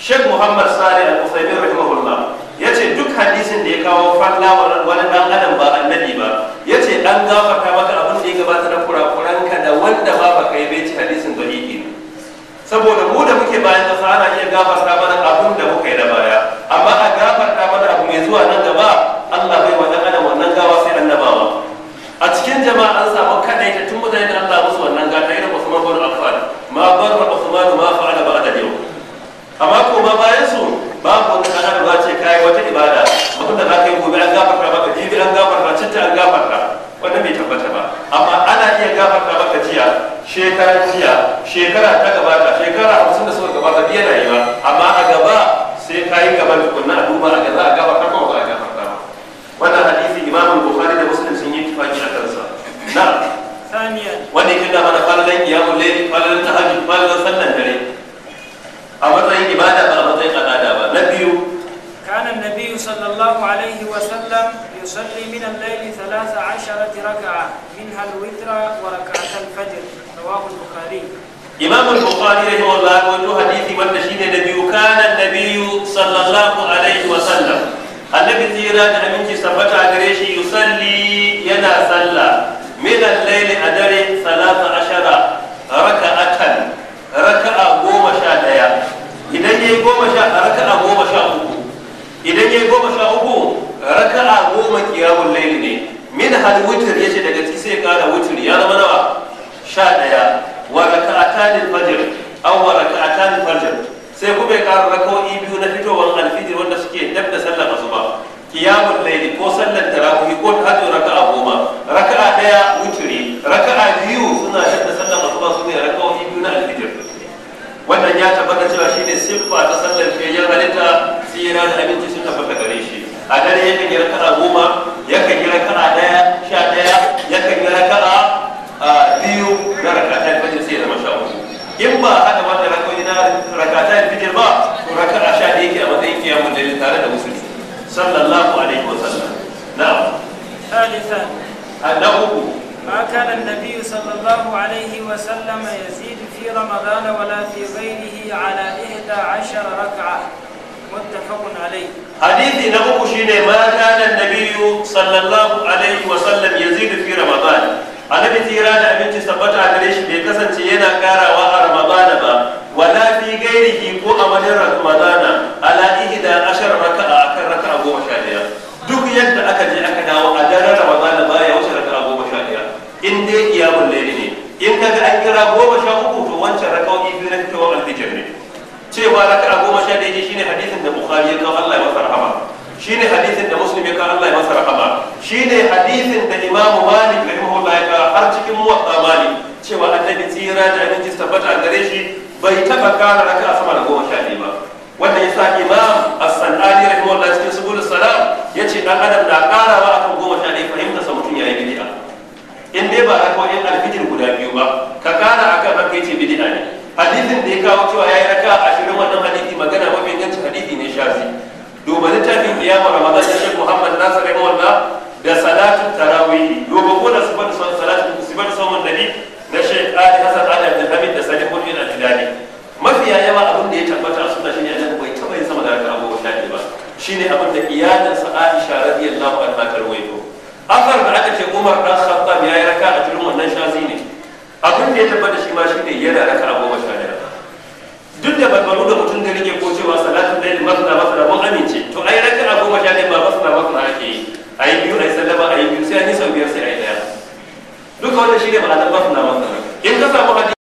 Sheikh Muhammad sari Al-Uthaymeen rahimahullah ce duk hadisin da ya kawo falla wani dan adam ba annabi ba ya ce dan gafarta maka abin da ya gabata na kurakuranka da wanda ba ka yi bai ci hadisin saboda mu da muke bayan kasa ana iya gafarta mana abun da muka yi da baya amma a gafarta mana abu mai zuwa nan gaba shekara jiya shekara ta gabata shekara hamsin da suka gabata biya na yiwa amma a gaba sai ka yi gaban tukunna a duba a ga za a gaba karfa ba a gaba kama wannan hadisi imamun bukhari da muslim sun yi tufaki a kansa na wanda yake da mana falalan kiyamun laili falalan tahajjud falalan sallan dare a matsayin ibada الله عليه وسلم يصلي من الليل ثلاث عشرة ركعة منها الوتر وركعة الفجر رواه البخاري إمام البخاري رحمه الله وجه حديث والنشيد النبي كان النبي صلى الله عليه وسلم النبي تيرا النبي تثبت على يصلي ينا صلى من الليل أدري ثلاث عشرة ركعة ركعة goma sha ɗaya idan ya yi goma sha a raka'a goma sha uku idan ya yi goma sha raka'a goma kiyamun laili ne min hal wutir yace daga ciki sai kara wutir ya zama nawa sha daya wa raka'atan fajr aw wa raka'atan fajr sai kuma ya kara raka'o'i biyu na fitowar al wanda suke dab da sallar asuba kiyamun laili ko sallar tarawih ko tahajjud raka'a goma raka'a daya wutiri raka'a biyu suna dab da sallar asuba su ne raka'o'i biyu na alfijir wannan ya tabbata cewa shine siffa ta sallar fiyayyar halitta sirra da abinci sun tabbata gare a dare yakan yi raka'a goma yakan yi raka'a daya sha daya yakan gira raka'a biyu na rakatan fajr sai ya zama sha uku in ba hada wanda rakoi na rakatan fajr ba to raka'a sha da yake a matsayin kiyamun dare tare da musulmi sallallahu alaihi wa sallam na'am ثالثا أنه ما كان النبي صلى الله عليه وسلم يزيد في رمضان ولا في غيره على إحدى عشر ركعة muttafaqun alayhi hadisi na uku shine ma kana nabiyyu sallallahu alaihi wa sallam yazidu fi ramadan annabi tira da abinci sabbata a gare bai kasance yana karawa a ramadana ba wala fi gairihi ko a wajen ramadana ala ihda ashar raka'a akan raka'a goma sha duk yadda aka je aka dawo a daren ramadana baya wuce raka'a goma sha in dai kiyamun laili ne in kaga an kira goma sha uku to wancan raka'o'i biyu na fitowar alfijir ne cewa a goma sha daidai shine hadisin da bukhari ya kawo Allah ya masa rahama shine hadisin da muslim ya kawo Allah ya masa rahama shine hadisin da imam malik rahimahullah ya kawo har cikin muwatta malik cewa annabi tsira da abinci tabbata gare shi bai taba kara a sama da goma sha ba. ba wanda yasa imam as-sanani rahimahullah cikin subulus salam yace dan adam na karawa akan goma sha fahimta sa mutum yayi bid'a in dai ba a haka yan alfijir guda biyu ba ka kara akan haka yace bid'a ne hadisin da ya kawo cewa ya yi raka ashirin wannan hadisi magana mafi ganci hadisi ne shazi duba littafin kiyama ramadan da shek muhammad nasir mawanda da salatu tarawihi duba ko da sifar salatu sifar son nabi na shek ali hasan ali abdulhamid da salim ibn al tilani mafi yawa abin da ya tabbata a sunna shine annabi bai taba yin sama da raka'a goma sha ba shine abin da iyalinsa aisha radiyallahu anha ta rawaito akar da aka ce umar dan khattab yi raka a cikin wannan shazi ne abin da ya tabbata shi ma shine yana raka a goma sha daya duk da barbaru da mutum da rike ko cewa salatul masu masu da mun amince to ai raka a goma sha daya ba masu masna ake yi yi biyu yi sallama yi biyu sai an yi sau biyar sai yi daya duka wannan shine ma'anar masna masna in ka samu